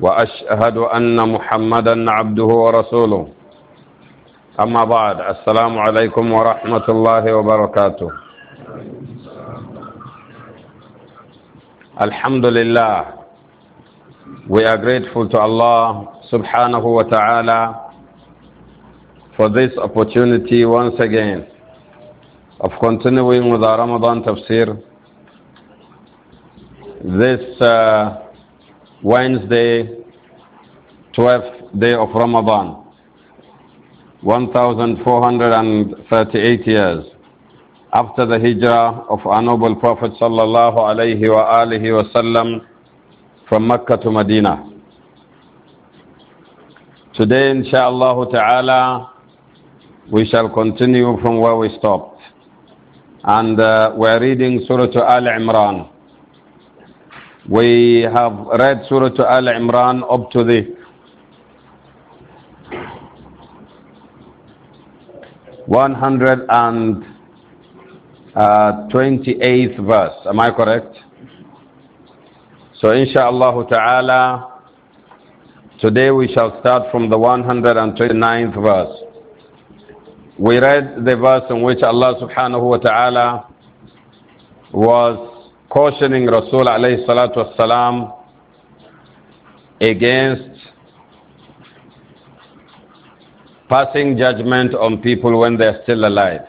وأشهد أن محمدا عبده ورسوله أما بعد السلام عليكم ورحمة الله وبركاته الحمد لله we are grateful to Allah subhanahu wa ta'ala for this opportunity once again of continuing with our Ramadan tafsir this uh, Wednesday, 12th day of Ramadan, 1438 years after the hijrah of our noble Prophet sallallahu alaihi wa alihi wasallam from Mecca to Medina. Today, inshaAllah, ta'ala, we shall continue from where we stopped. And uh, we're reading Surah Al Imran. We have read Surah Al Imran up to the one hundred and uh, twenty-eighth verse. Am I correct? So insha'Allah ta'ala, today we shall start from the 129th verse. We read the verse in which Allah subhanahu wa ta'ala was cautioning Rasul alayhi salatu wasalam against passing judgment on people when they're still alive.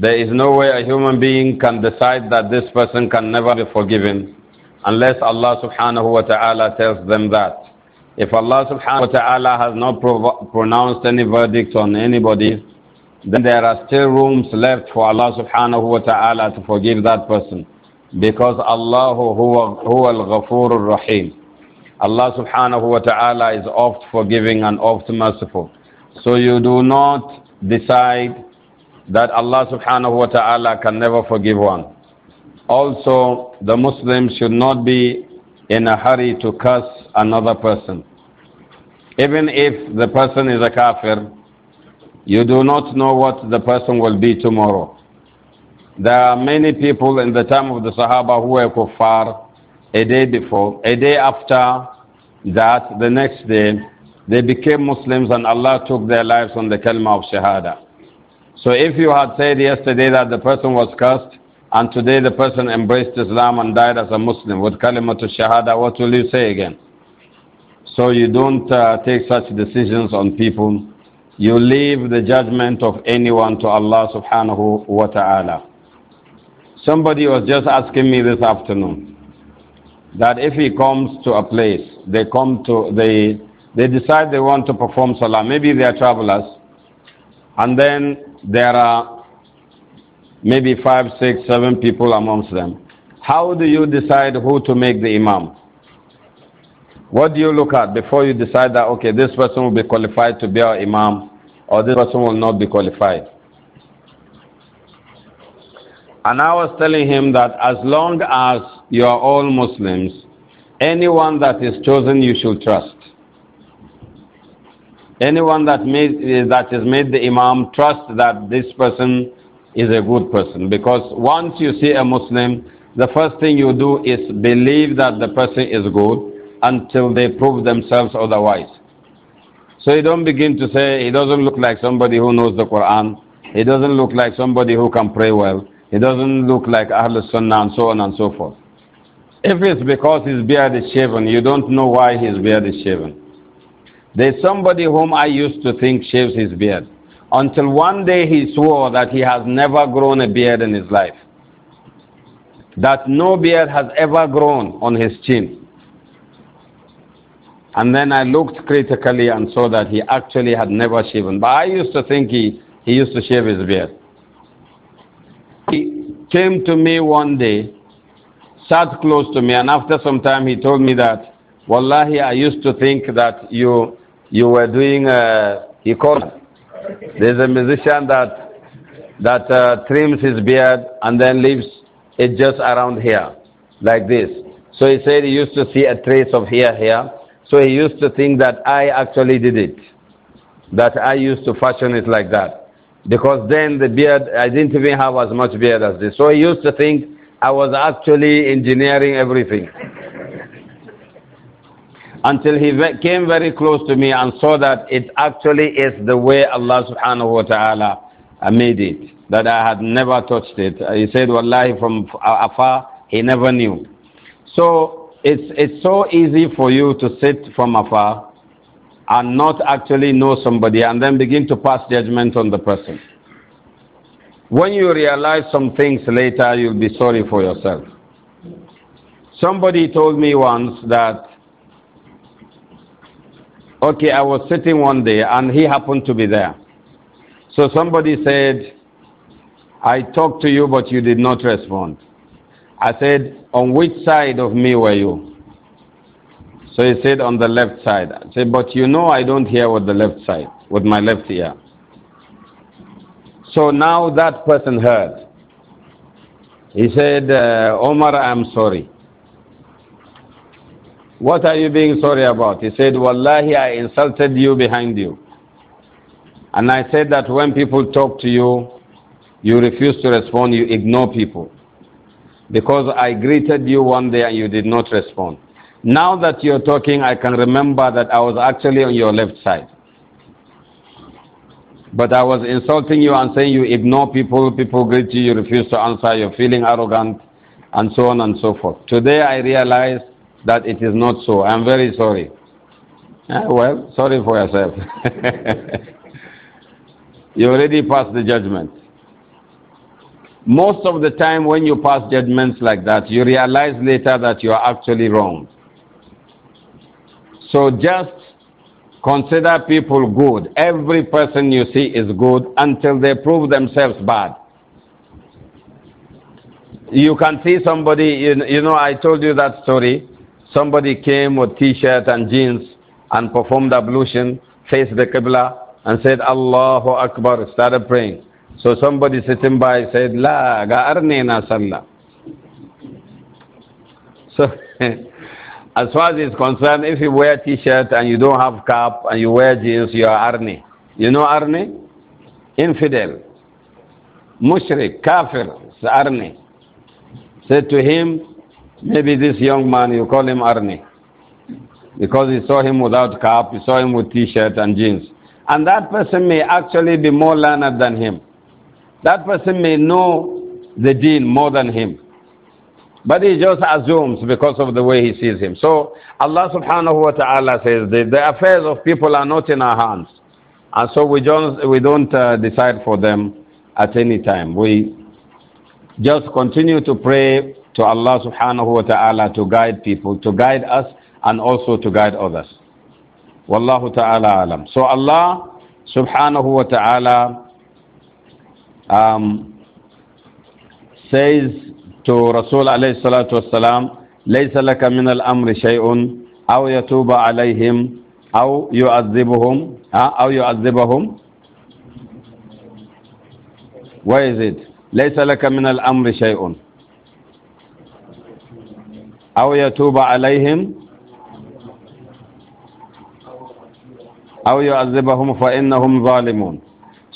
There is no way a human being can decide that this person can never be forgiven unless Allah subhanahu wa ta'ala tells them that. If Allah subhanahu wa ta'ala has not pro pronounced any verdict on anybody, then there are still rooms left for Allah subhanahu wa ta'ala to forgive that person. Because Allah huwa, huwa al-ghafur rahim Allah subhanahu wa ta'ala is oft forgiving and oft merciful. So you do not decide that Allah subhanahu wa ta'ala can never forgive one. Also, the Muslims should not be in a hurry to curse another person. Even if the person is a kafir, you do not know what the person will be tomorrow. There are many people in the time of the Sahaba who were kuffar a day before, a day after that, the next day, they became Muslims and Allah took their lives on the kalma of Shahada. So if you had said yesterday that the person was cursed and today the person embraced Islam and died as a Muslim with to Shahada, what will you say again? So you don't uh, take such decisions on people you leave the judgment of anyone to Allah subhanahu wa ta'ala. Somebody was just asking me this afternoon that if he comes to a place, they come to they they decide they want to perform salah. Maybe they are travelers, and then there are maybe five, six, seven people amongst them. How do you decide who to make the imam? What do you look at before you decide that okay, this person will be qualified to be our imam? or this person will not be qualified. And I was telling him that as long as you are all Muslims, anyone that is chosen you should trust. Anyone that, made, has made the Imam, trust that this person is a good person. Because once you see a Muslim, the first thing you do is believe that the person is good until they prove themselves otherwise. So you don't begin to say, he doesn't look like somebody who knows the Quran. He doesn't look like somebody who can pray well. He doesn't look like Ahlul Sunnah and so on and so forth. If it's because his beard is shaven, you don't know why his beard is shaven. There's somebody whom I used to think shaves his beard. Until one day he swore that he has never grown a beard in his life. That no beard has ever grown on his chin. And then I looked critically and saw that he actually had never shaven. But I used to think he, he used to shave his beard. He came to me one day, sat close to me, and after some time he told me that, Wallahi, I used to think that you, you were doing, uh, he called, there's a musician that, that uh, trims his beard and then leaves it just around here, like this. So he said he used to see a trace of hair here so he used to think that I actually did it, that I used to fashion it like that. Because then the beard, I didn't even have as much beard as this. So he used to think I was actually engineering everything. Until he came very close to me and saw that it actually is the way Allah subhanahu wa ta'ala made it, that I had never touched it. He said, Wallahi, from afar, he never knew. So it's, it's so easy for you to sit from afar and not actually know somebody and then begin to pass judgment on the person. When you realize some things later, you'll be sorry for yourself. Somebody told me once that, okay, I was sitting one day and he happened to be there. So somebody said, I talked to you, but you did not respond. I said, on which side of me were you? So he said, On the left side. I said, But you know I don't hear with the left side, with my left ear. So now that person heard. He said, uh, Omar, I'm sorry. What are you being sorry about? He said, Wallahi, I insulted you behind you. And I said that when people talk to you, you refuse to respond, you ignore people because I greeted you one day and you did not respond. Now that you're talking, I can remember that I was actually on your left side. But I was insulting you and saying you ignore people, people greet you, you refuse to answer, you're feeling arrogant, and so on and so forth. Today I realize that it is not so. I'm very sorry. Eh, well, sorry for yourself. you already passed the judgment. Most of the time when you pass judgments like that, you realize later that you are actually wrong. So just consider people good. Every person you see is good until they prove themselves bad. You can see somebody, you know, I told you that story. Somebody came with t-shirt and jeans and performed ablution, faced the Qibla and said, Allahu Akbar, started praying. So somebody sitting by said, La ga'arnena salla. So, as far as it's concerned, if you wear t-shirt and you don't have cap and you wear jeans, you are arni. You know arni? Infidel. Mushrik, kafir, it's arni. Said to him, maybe this young man, you call him arni. Because he saw him without cap, he saw him with t-shirt and jeans. And that person may actually be more learned than him. That person may know the deen more than him. But he just assumes because of the way he sees him. So Allah subhanahu wa ta'ala says the, the affairs of people are not in our hands. And so we don't, we don't uh, decide for them at any time. We just continue to pray to Allah subhanahu wa ta'ala to guide people, to guide us and also to guide others. Wallahu ta'ala alam. So Allah subhanahu wa ta'ala um, says to Rasul alayhi salatu wasalam, ليس لك من الأمر شيء أو يتوب عليهم أو يعذبهم أو يعذبهم Where is it? ليس لك من الأمر شيء أو يتوب عليهم أو يعذبهم فإنهم ظالمون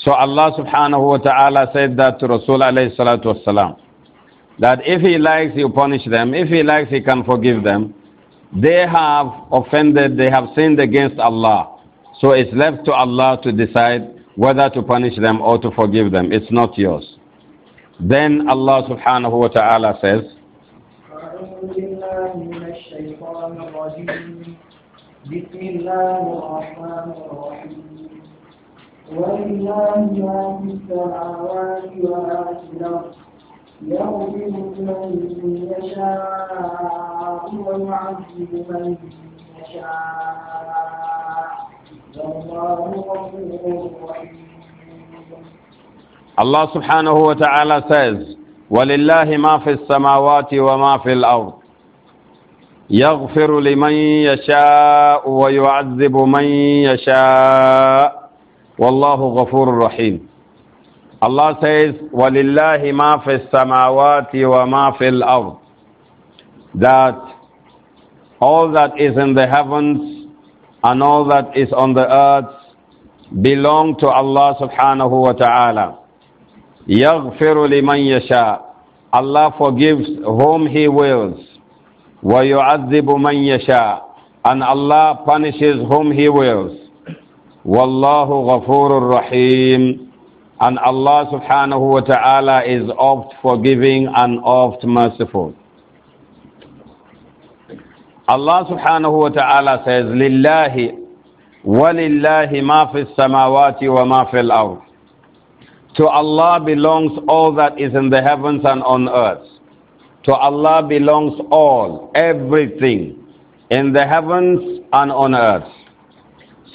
So Allah subhanahu wa ta'ala said that to Rasul alayhi salatu wasalam, that if he likes, he will punish them. If he likes, he can forgive them. They have offended, they have sinned against Allah. So it's left to Allah to decide whether to punish them or to forgive them. It's not yours. Then Allah subhanahu wa ta'ala says, بسم الله الرحمن الرحيم ولله ما في السماوات والأرض يغفر من يشاء ويعذب من يشاء الله سبحانه وتعالى Allah says, وَلِلَّهِ مَا فِي السَّمَاوَاتِ وَمَا فِي الْأَرْضِ يَغْفِرُ لِمَنْ يَشَاءُ وَيُعَذِّبُ مَنْ يَشَاءُ Wallahu Ghafur Rahim. Allah says, وَلِلَّهِ مَا فِي السَّمَاوَاتِ وَمَا فِي الْأَرْضِ That all that is in the heavens and all that is on the earth belong to Allah subhanahu wa ta'ala. يَغْفِرُ لِمَنْ يَشَاءُ Allah forgives whom He wills. وَيُعَذِّبُ مَنْ يَشَاءُ And Allah punishes whom He wills. Wallahu ghafurur rahim. And Allah subhanahu wa ta'ala is oft forgiving and oft merciful. Allah subhanahu wa ta'ala says, Lillahi walillahi ma fis samawati wa ma al ard. To Allah belongs all that is in the heavens and on earth. To Allah belongs all, everything in the heavens and on earth.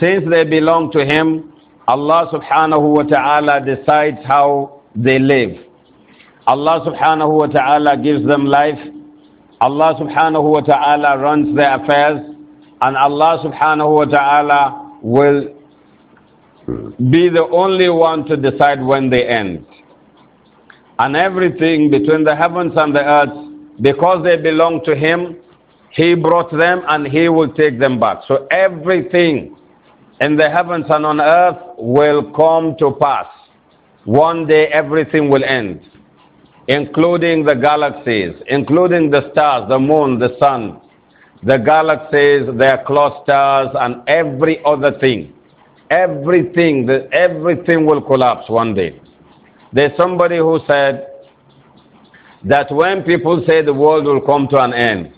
Since they belong to him, Allah subhanahu wa ta'ala decides how they live. Allah subhanahu wa ta'ala gives them life. Allah subhanahu wa ta'ala runs their affairs. And Allah subhanahu wa ta'ala will be the only one to decide when they end. And everything between the heavens and the earth, because they belong to Him, He brought them and He will take them back. So everything in the heavens and on earth will come to pass. One day everything will end, including the galaxies, including the stars, the moon, the sun, the galaxies, their clusters, and every other thing. Everything, everything will collapse one day. There's somebody who said that when people say the world will come to an end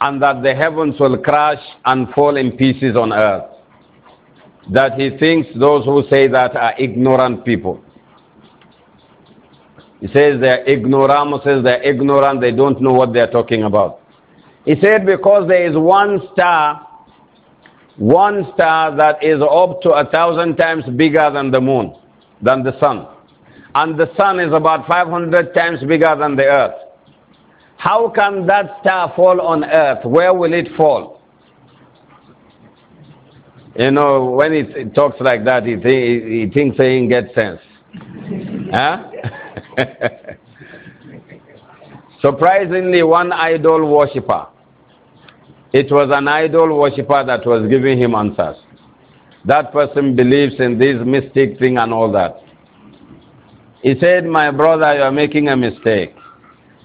and that the heavens will crash and fall in pieces on earth, that he thinks those who say that are ignorant people. He says they're ignoramus, says they're ignorant, they don't know what they're talking about. He said because there is one star, one star that is up to a thousand times bigger than the moon, than the sun. And the sun is about 500 times bigger than the earth. How can that star fall on earth? Where will it fall? You know, when it talks like that, he, th- he thinks saying gets sense. huh? Surprisingly, one idol worshipper. It was an idol worshipper that was giving him answers. That person believes in this mystic thing and all that. He said, My brother, you are making a mistake.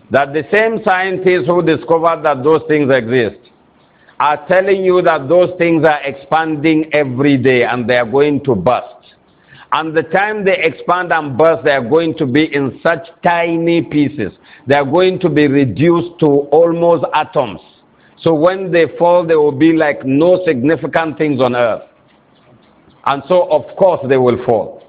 That the same scientists who discovered that those things exist are telling you that those things are expanding every day and they are going to burst. And the time they expand and burst, they are going to be in such tiny pieces. They are going to be reduced to almost atoms. So when they fall, they will be like no significant things on earth. And so, of course, they will fall.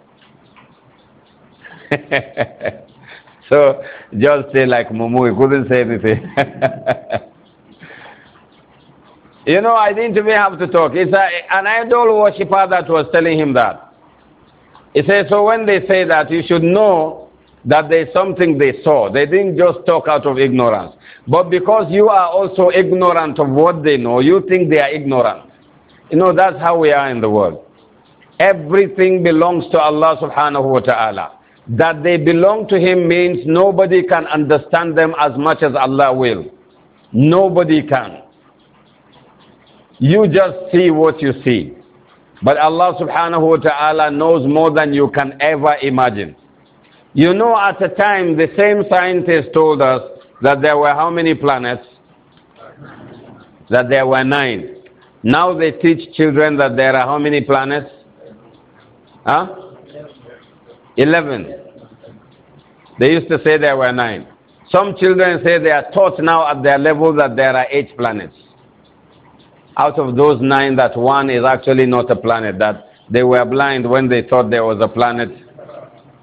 so just say like Mumu, he couldn't say anything. You know, I didn't even have to talk. It's a, an idol worshipper that was telling him that. He says, So when they say that, you should know that there's something they saw. They didn't just talk out of ignorance. But because you are also ignorant of what they know, you think they are ignorant. You know, that's how we are in the world. Everything belongs to Allah subhanahu wa ta'ala. That they belong to Him means nobody can understand them as much as Allah will. Nobody can. You just see what you see. But Allah subhanahu wa ta'ala knows more than you can ever imagine. You know, at the time, the same scientist told us that there were how many planets? That there were nine. Now they teach children that there are how many planets? Huh? Eleven. They used to say there were nine. Some children say they are taught now at their level that there are eight planets out of those nine that one is actually not a planet, that they were blind when they thought there was a planet.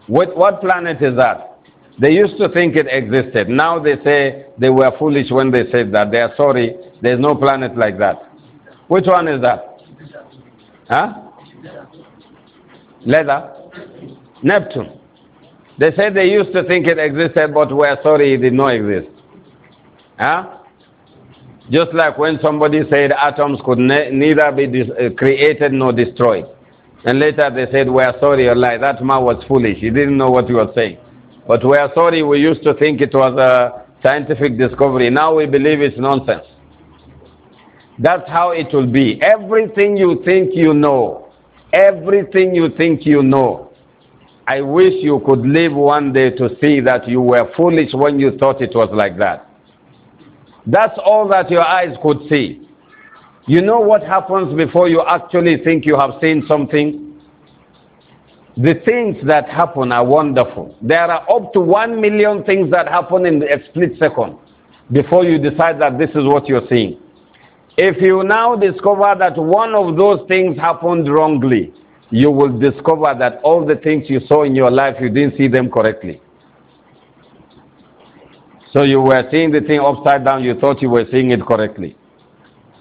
What, what planet is that? They used to think it existed. Now they say they were foolish when they said that. They are sorry, there's no planet like that. Which one is that? Huh? Leather? Neptune. They said they used to think it existed, but we're sorry it did not exist. Huh? Just like when somebody said atoms could ne neither be uh, created nor destroyed. And later they said, We are sorry, Allah. That man was foolish. He didn't know what he was saying. But we are sorry, we used to think it was a scientific discovery. Now we believe it's nonsense. That's how it will be. Everything you think you know, everything you think you know, I wish you could live one day to see that you were foolish when you thought it was like that. That's all that your eyes could see. You know what happens before you actually think you have seen something? The things that happen are wonderful. There are up to one million things that happen in a split second before you decide that this is what you're seeing. If you now discover that one of those things happened wrongly, you will discover that all the things you saw in your life, you didn't see them correctly. So you were seeing the thing upside down, you thought you were seeing it correctly.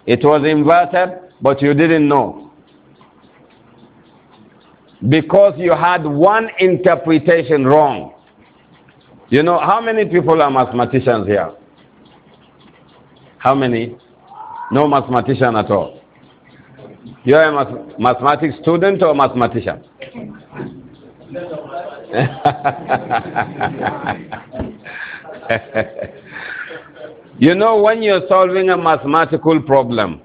It was inverted, but you didn't know. Because you had one interpretation wrong. You know, how many people are mathematicians here? How many? No mathematician at all. You are a math mathematics student or mathematician? you know, when you're solving a mathematical problem,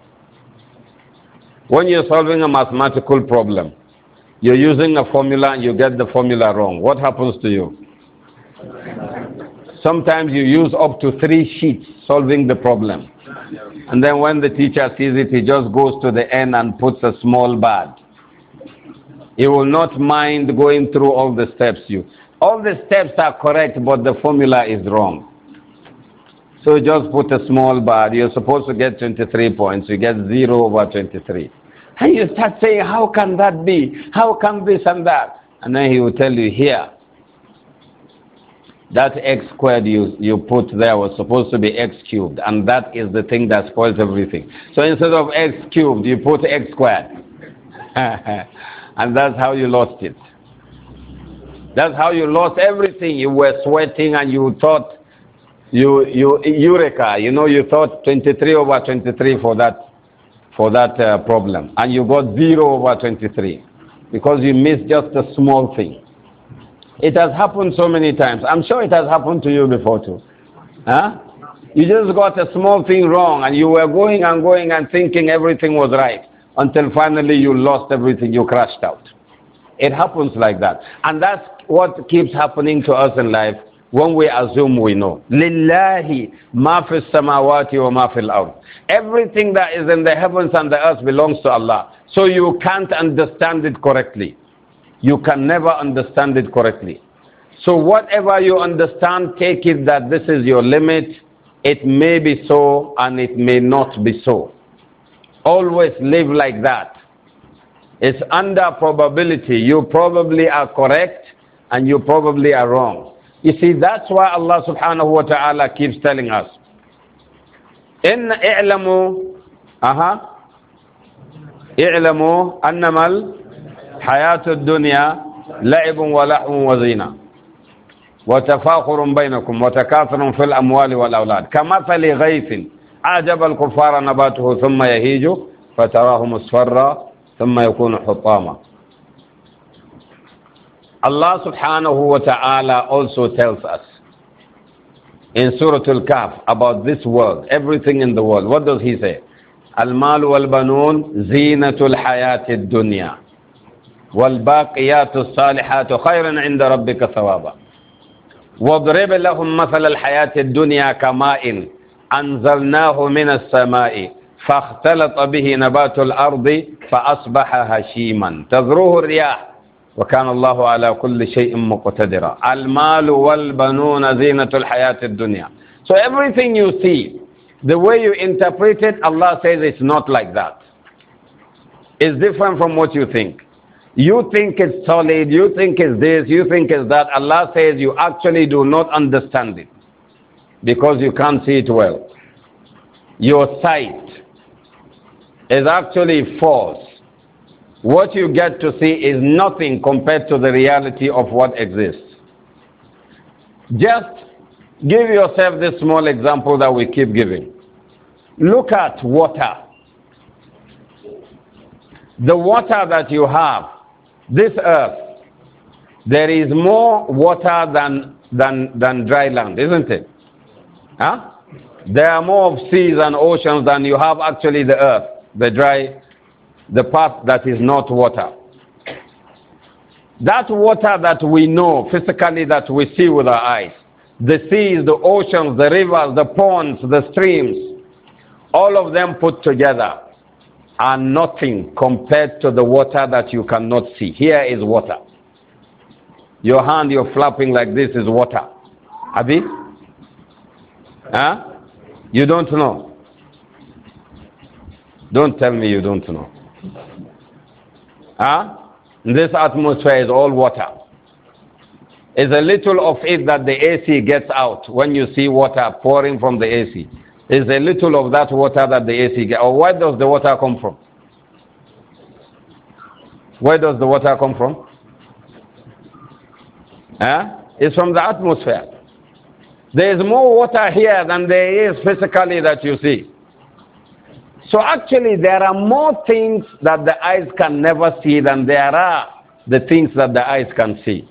when you're solving a mathematical problem, you're using a formula and you get the formula wrong. What happens to you? Sometimes you use up to three sheets solving the problem. And then when the teacher sees it, he just goes to the end and puts a small bar. He will not mind going through all the steps you. All the steps are correct, but the formula is wrong. So just put a small bar. You're supposed to get 23 points. You get 0 over 23. And you start saying, how can that be? How can this and that? And then he will tell you, here, that x squared you, you put there was supposed to be x cubed. And that is the thing that spoils everything. So instead of x cubed, you put x squared. and that's how you lost it. That's how you lost everything. You were sweating and you thought, you, you, Eureka, you know, you thought 23 over 23 for that, for that uh, problem. And you got 0 over 23 because you missed just a small thing. It has happened so many times. I'm sure it has happened to you before too. Huh? You just got a small thing wrong and you were going and going and thinking everything was right until finally you lost everything, you crashed out. It happens like that. And that's what keeps happening to us in life when we assume we know. Lillahi ma samawati wa ma fil Everything that is in the heavens and the earth belongs to Allah. So you can't understand it correctly. You can never understand it correctly. So whatever you understand, take it that this is your limit. It may be so and it may not be so. Always live like that. It's under probability. You probably are correct and you probably are wrong. You see, that's why Allah subhanahu wa ta'ala keeps telling us. إن اعلموا أها اعلموا أنما الحياة الدنيا لعب ولحم وزينة وتفاخر بينكم وتكاثر في الأموال والأولاد كمثل غيث أعجب الكفار نباته ثم يهيج فتراه مصفرا ثم يكون حطاما الله سبحانه وتعالى also tells us in Surah Al-Kahf about this world, everything in the world. What does he say? المال والبنون زينة الحياة الدنيا والباقيات الصالحات خيرا عند ربك ثوابا واضرب لهم مثل الحياة الدنيا كماء أنزلناه من السماء فاختلط به نبات الأرض فأصبح هشيما تذروه الرياح وكان الله على كل شيء مقتدرا المال والبنون زينة الحياة الدنيا So everything you see, the way you interpret it, Allah says it's not like that. It's different from what you think. You think it's solid, you think it's this, you think it's that. Allah says you actually do not understand it because you can't see it well. Your sight is actually false. What you get to see is nothing compared to the reality of what exists. Just give yourself this small example that we keep giving. Look at water. The water that you have, this earth, there is more water than, than, than dry land, isn't it? Huh? There are more seas and oceans than you have actually the earth the dry, the path that is not water. That water that we know physically that we see with our eyes, the seas, the oceans, the rivers, the ponds, the streams, all of them put together are nothing compared to the water that you cannot see. Here is water. Your hand you're flapping like this is water. Abi? Huh? You don't know. Don't tell me you don't know. Huh? This atmosphere is all water. It's a little of it that the AC gets out when you see water pouring from the AC. It's a little of that water that the AC gets. Or oh, where does the water come from? Where does the water come from? Huh? It's from the atmosphere. There is more water here than there is physically that you see. So actually, there are more things that the eyes can never see than there are the things that the eyes can see.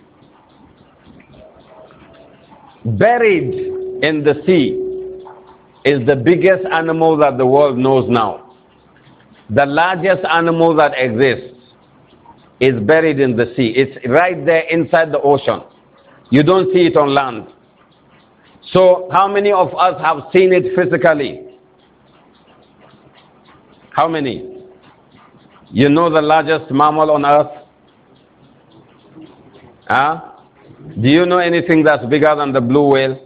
Buried in the sea is the biggest animal that the world knows now. The largest animal that exists is buried in the sea. It's right there inside the ocean. You don't see it on land. So, how many of us have seen it physically? How many? You know the largest mammal on earth? Huh? Do you know anything that's bigger than the blue whale?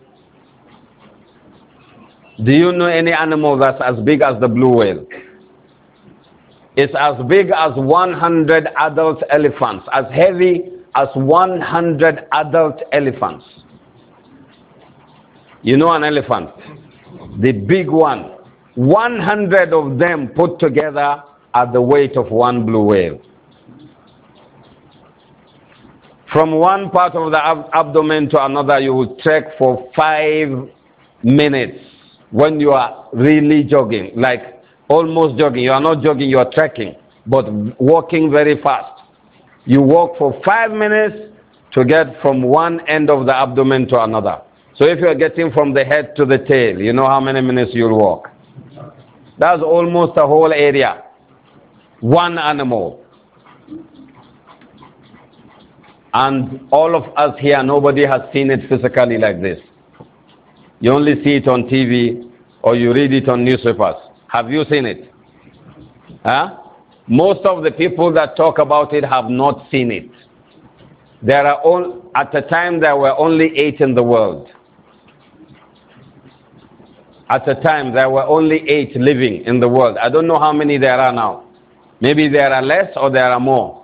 Do you know any animal that's as big as the blue whale? It's as big as 100 adult elephants, as heavy as 100 adult elephants. You know an elephant? The big one. 100 of them put together are the weight of one blue whale. From one part of the ab abdomen to another, you will trek for five minutes when you are really jogging, like almost jogging. You are not jogging, you are trekking, but walking very fast. You walk for five minutes to get from one end of the abdomen to another. So if you are getting from the head to the tail, you know how many minutes you'll walk. That's almost the whole area. One animal. And all of us here, nobody has seen it physically like this. You only see it on TV or you read it on newspapers. Have you seen it? Huh? Most of the people that talk about it have not seen it. There are all, at the time there were only eight in the world. At a time, there were only eight living in the world. I don't know how many there are now. Maybe there are less or there are more.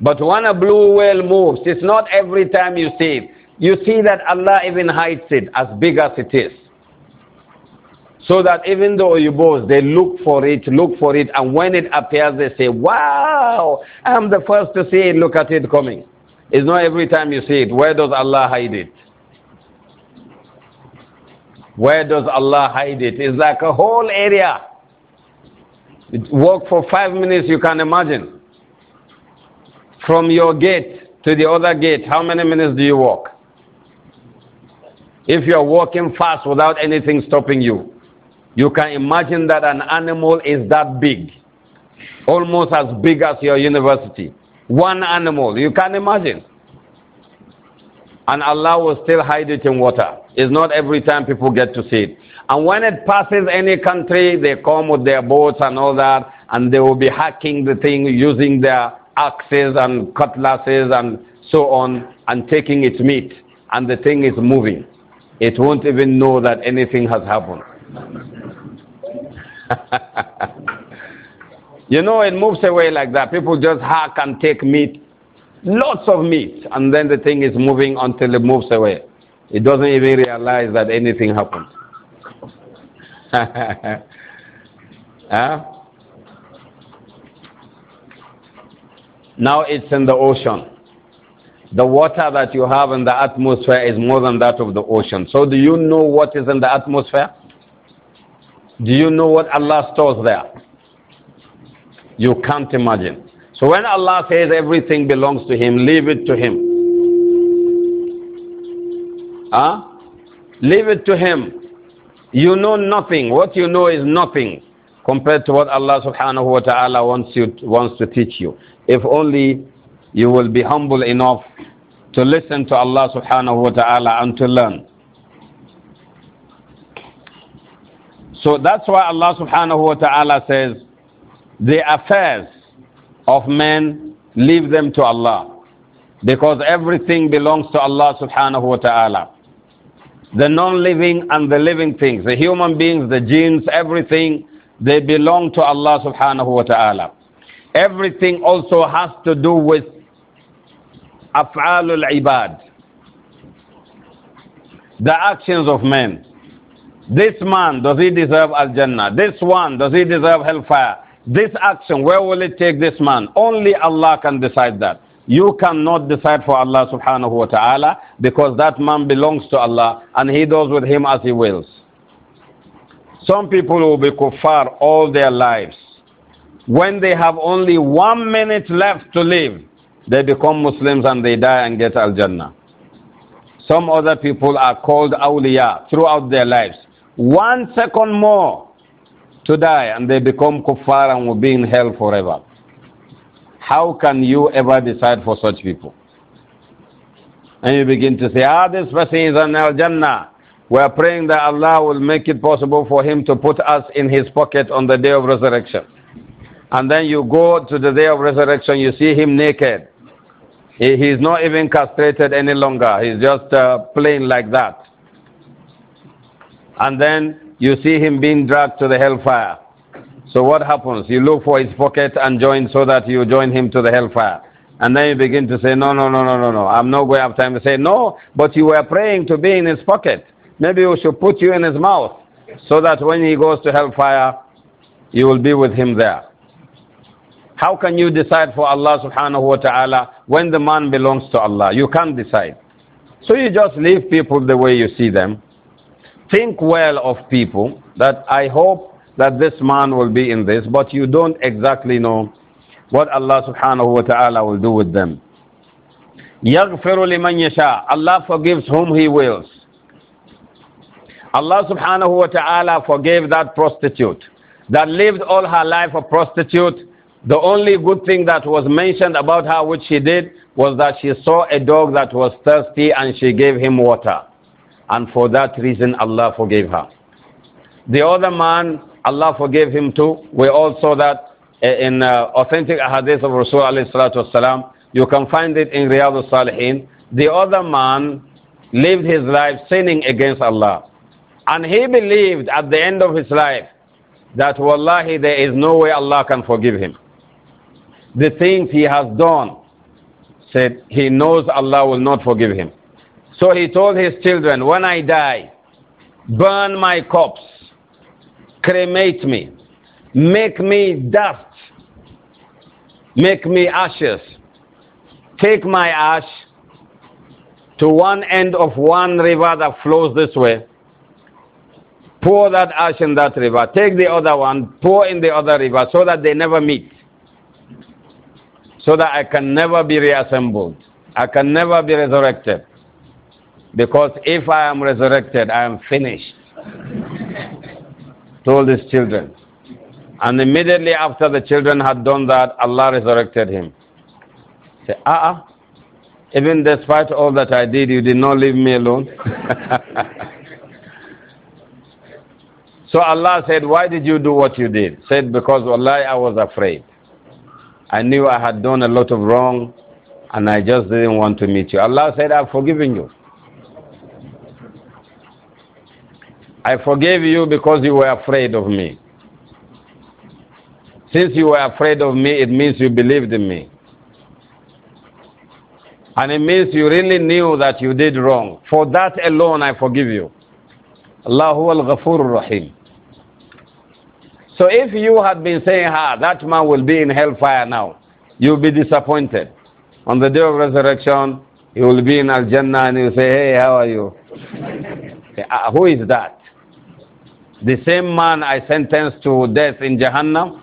But when a blue whale moves, it's not every time you see it. You see that Allah even hides it as big as it is. So that even though you boast, they look for it, look for it, and when it appears, they say, Wow, I'm the first to see it, look at it coming. It's not every time you see it. Where does Allah hide it? Where does Allah hide it? It's like a whole area. Walk for five minutes, you can imagine. From your gate to the other gate, how many minutes do you walk? If you're walking fast without anything stopping you, you can imagine that an animal is that big, almost as big as your university. One animal, you can imagine and Allah will still hide it in water. It's not every time people get to see it. And when it passes any country, they come with their boats and all that, and they will be hacking the thing using their axes and cutlasses and so on, and taking its meat. And the thing is moving. It won't even know that anything has happened. you know, it moves away like that. People just hack and take meat Lots of meat. And then the thing is moving until it moves away. It doesn't even realize that anything happened. huh? Now it's in the ocean. The water that you have in the atmosphere is more than that of the ocean. So, do you know what is in the atmosphere? Do you know what Allah stores there? You can't imagine. So when Allah says everything belongs to Him, leave it to Him. Huh? Leave it to Him. You know nothing. What you know is nothing compared to what Allah subhanahu wa ta'ala wants, you, wants to teach you. If only you will be humble enough to listen to Allah subhanahu wa ta'ala and to learn. So that's why Allah subhanahu wa ta'ala says, the affairs of men, leave them to Allah. Because everything belongs to Allah subhanahu wa ta'ala. The non-living and the living things, the human beings, the jinns, everything, they belong to Allah subhanahu wa ta'ala. Everything also has to do with af'alul ibad, the actions of men. This man, does he deserve Al Jannah? This one, does he deserve hellfire? This action, where will it take this man? Only Allah can decide that. You cannot decide for Allah subhanahu wa ta'ala because that man belongs to Allah and He does with him as He wills. Some people will be kuffar all their lives. When they have only one minute left to live, they become Muslims and they die and get Al Jannah. Some other people are called awliya throughout their lives. One second more to die and they become kuffar and will be in hell forever. How can you ever decide for such people? And you begin to say, ah, this person is an Al Jannah. We are praying that Allah will make it possible for him to put us in his pocket on the day of resurrection. And then you go to the day of resurrection, you see him naked. He, he's not even castrated any longer. He's just uh, plain like that. And then you see him being dragged to the hellfire. So what happens? You look for his pocket and join so that you join him to the hellfire. And then you begin to say, no, no, no, no, no, no. I'm not going to have time to say, no, but you were praying to be in his pocket. Maybe we should put you in his mouth so that when he goes to hellfire, you will be with him there. How can you decide for Allah subhanahu wa ta'ala when the man belongs to Allah? You can't decide. So you just leave people the way you see them think well of people that I hope that this man will be in this, but you don't exactly know what Allah subhanahu wa ta'ala will do with them. يَغْفِرُ لِمَنْ يَشَاءُ Allah forgives whom He wills. Allah subhanahu wa ta'ala forgave that prostitute that lived all her life a prostitute. The only good thing that was mentioned about her, which she did, was that she saw a dog that was thirsty and she gave him water and for that reason Allah forgave her. The other man, Allah forgave him too. We all saw that eh, in uh, authentic hadith of Rasul والسلام, You can find it in Riyadh al-Salihin. The other man lived his life sinning against Allah. And he believed at the end of his life that wallahi there is no way Allah can forgive him. The things he has done, said he knows Allah will not forgive him. So he told his children, When I die, burn my corpse, cremate me, make me dust, make me ashes, take my ash to one end of one river that flows this way, pour that ash in that river, take the other one, pour in the other river, so that they never meet, so that I can never be reassembled, I can never be resurrected. Because if I am resurrected, I am finished. Told his children. And immediately after the children had done that, Allah resurrected him. Say, ah, ah, even despite all that I did, you did not leave me alone. so Allah said, Why did you do what you did? Said, Because Allah, I was afraid. I knew I had done a lot of wrong and I just didn't want to meet you. Allah said, I've forgiven you. I forgave you because you were afraid of me. Since you were afraid of me, it means you believed in me. And it means you really knew that you did wrong. For that alone, I forgive you. Allahu al Ghafur Rahim. So if you had been saying, ah, that man will be in hellfire now, you'll be disappointed. On the day of resurrection, he will be in Al Jannah and he'll say, hey, how are you? Ah, who is that? The same man I sentenced to death in Jahannam,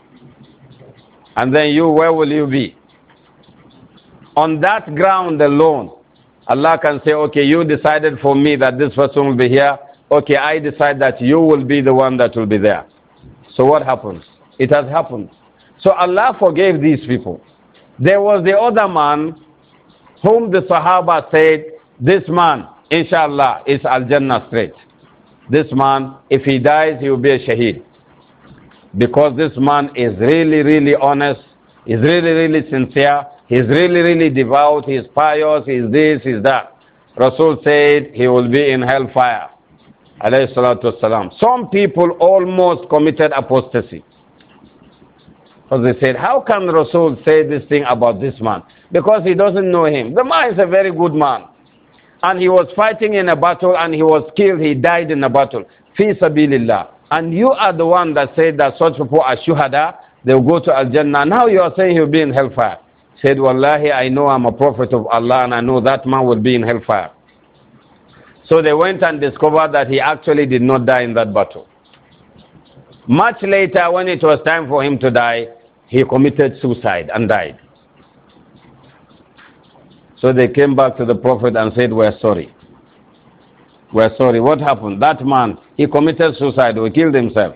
and then you, where will you be? On that ground alone, Allah can say, okay, you decided for me that this person will be here. Okay, I decide that you will be the one that will be there. So what happens? It has happened. So Allah forgave these people. There was the other man whom the Sahaba said, this man, inshallah, is Al-Jannah straight. This man, if he dies, he will be a shaheed. Because this man is really, really honest, is really, really sincere, he's really, really devout, he's pious, he's this, he's that. Rasul said he will be in hellfire. Some people almost committed apostasy. Because they said, How can Rasul say this thing about this man? Because he doesn't know him. The man is a very good man and he was fighting in a battle and he was killed, he died in a battle. Fi sabilillah. And you are the one that said that such people are shuhada, they'll go to Al-Jannah. Now you are saying he'll be in hellfire. Said, Wallahi, I know I'm a prophet of Allah and I know that man will be in hellfire. So they went and discovered that he actually did not die in that battle. Much later, when it was time for him to die, he committed suicide and died. So they came back to the Prophet and said, We're sorry. We're sorry. What happened? That man, he committed suicide He killed himself.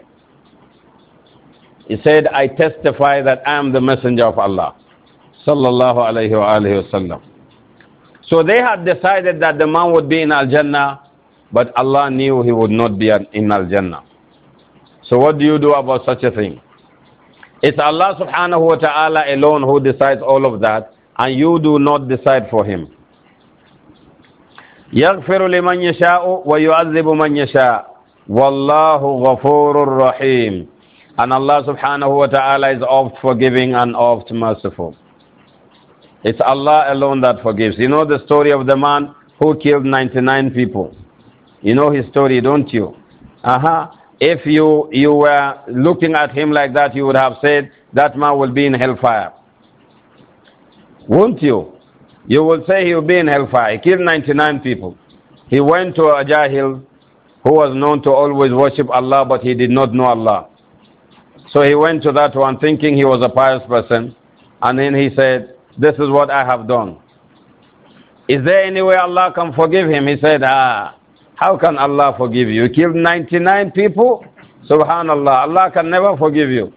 He said, I testify that I am the messenger of Allah. Sallallahu alayhi wa alayhi wasallam. So they had decided that the man would be in Al Jannah, but Allah knew he would not be in Al Jannah. So what do you do about such a thing? It's Allah subhanahu wa ta'ala alone who decides all of that and you do not decide for him. يغفر لمن يشاء ويعذب من يشاء والله غفور رحيم and Allah subhanahu wa ta'ala is oft forgiving and oft merciful. It's Allah alone that forgives. You know the story of the man who killed 99 people. You know his story, don't you? Uh-huh. If you, you were looking at him like that, you would have said, that man will be in hellfire. Won't you? You will say he'll be in hellfire. He killed 99 people. He went to a jahil who was known to always worship Allah, but he did not know Allah. So he went to that one thinking he was a pious person. And then he said, this is what I have done. Is there any way Allah can forgive him? He said, ah, how can Allah forgive you? You killed 99 people? Subhanallah, Allah can never forgive you.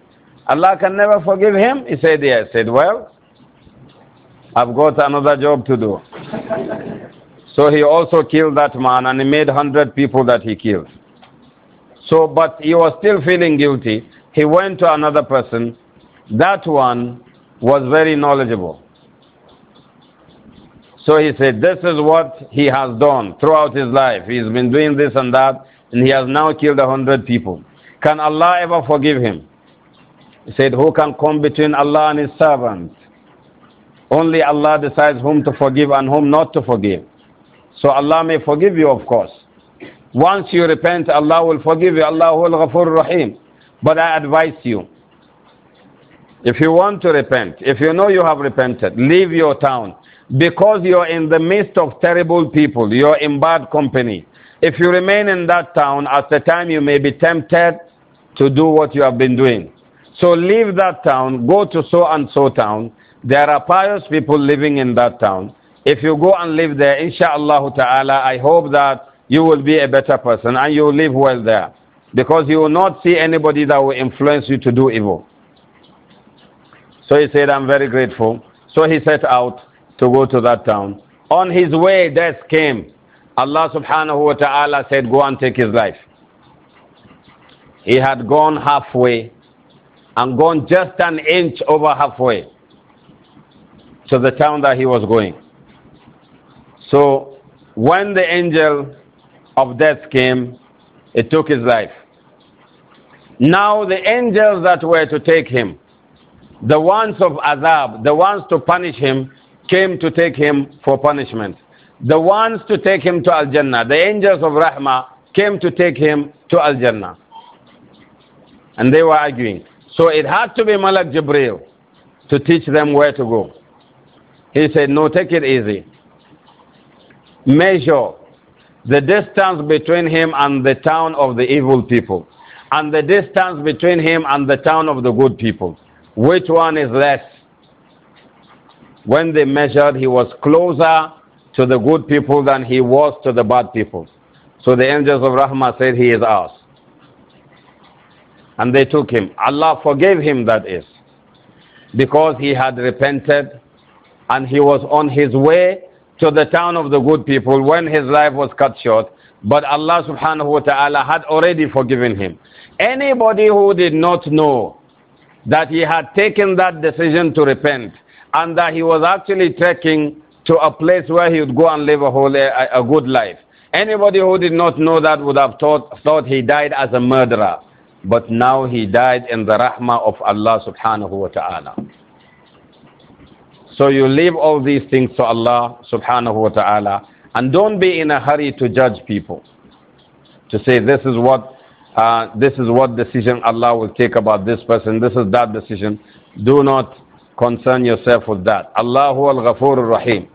Allah can never forgive him? He said, yes. He said, well, I've got another job to do. So he also killed that man and he made 100 people that he killed. So, but he was still feeling guilty. He went to another person. That one was very knowledgeable. So he said, This is what he has done throughout his life. He's been doing this and that, and he has now killed a hundred people. Can Allah ever forgive him? He said, Who can come between Allah and his servant? Only Allah decides whom to forgive and whom not to forgive. So Allah may forgive you, of course. Once you repent, Allah will forgive you. Allah will ghafur Rahim. But I advise you, if you want to repent, if you know you have repented, leave your town. Because you're in the midst of terrible people, you're in bad company. If you remain in that town, at the time you may be tempted to do what you have been doing. So leave that town, go to so and so town, there are pious people living in that town. If you go and live there, inshallah ta'ala, I hope that you will be a better person and you will live well there. Because you will not see anybody that will influence you to do evil. So he said, I'm very grateful. So he set out to go to that town. On his way, death came. Allah subhanahu wa ta'ala said, Go and take his life. He had gone halfway and gone just an inch over halfway to the town that he was going. So when the angel of death came, it took his life. Now the angels that were to take him, the ones of Azab, the ones to punish him, came to take him for punishment. The ones to take him to Al Jannah, the angels of Rahmah, came to take him to Al Jannah. And they were arguing. So it had to be Malak Jibril to teach them where to go. He said, No, take it easy. Measure the distance between him and the town of the evil people, and the distance between him and the town of the good people. Which one is less? When they measured, he was closer to the good people than he was to the bad people. So the angels of Rahmah said, He is ours. And they took him. Allah forgave him, that is, because he had repented and he was on his way to the town of the good people when his life was cut short. But Allah subhanahu wa ta'ala had already forgiven him. Anybody who did not know that he had taken that decision to repent and that he was actually trekking to a place where he would go and live a, whole, a, a good life. Anybody who did not know that would have thought, thought he died as a murderer. But now he died in the rahmah of Allah subhanahu wa ta'ala. So you leave all these things to Allah subhanahu wa ta'ala and don't be in a hurry to judge people. To say this is what uh, this is what decision Allah will take about this person, this is that decision. Do not concern yourself with that. Allahu al Ghafur Rahim.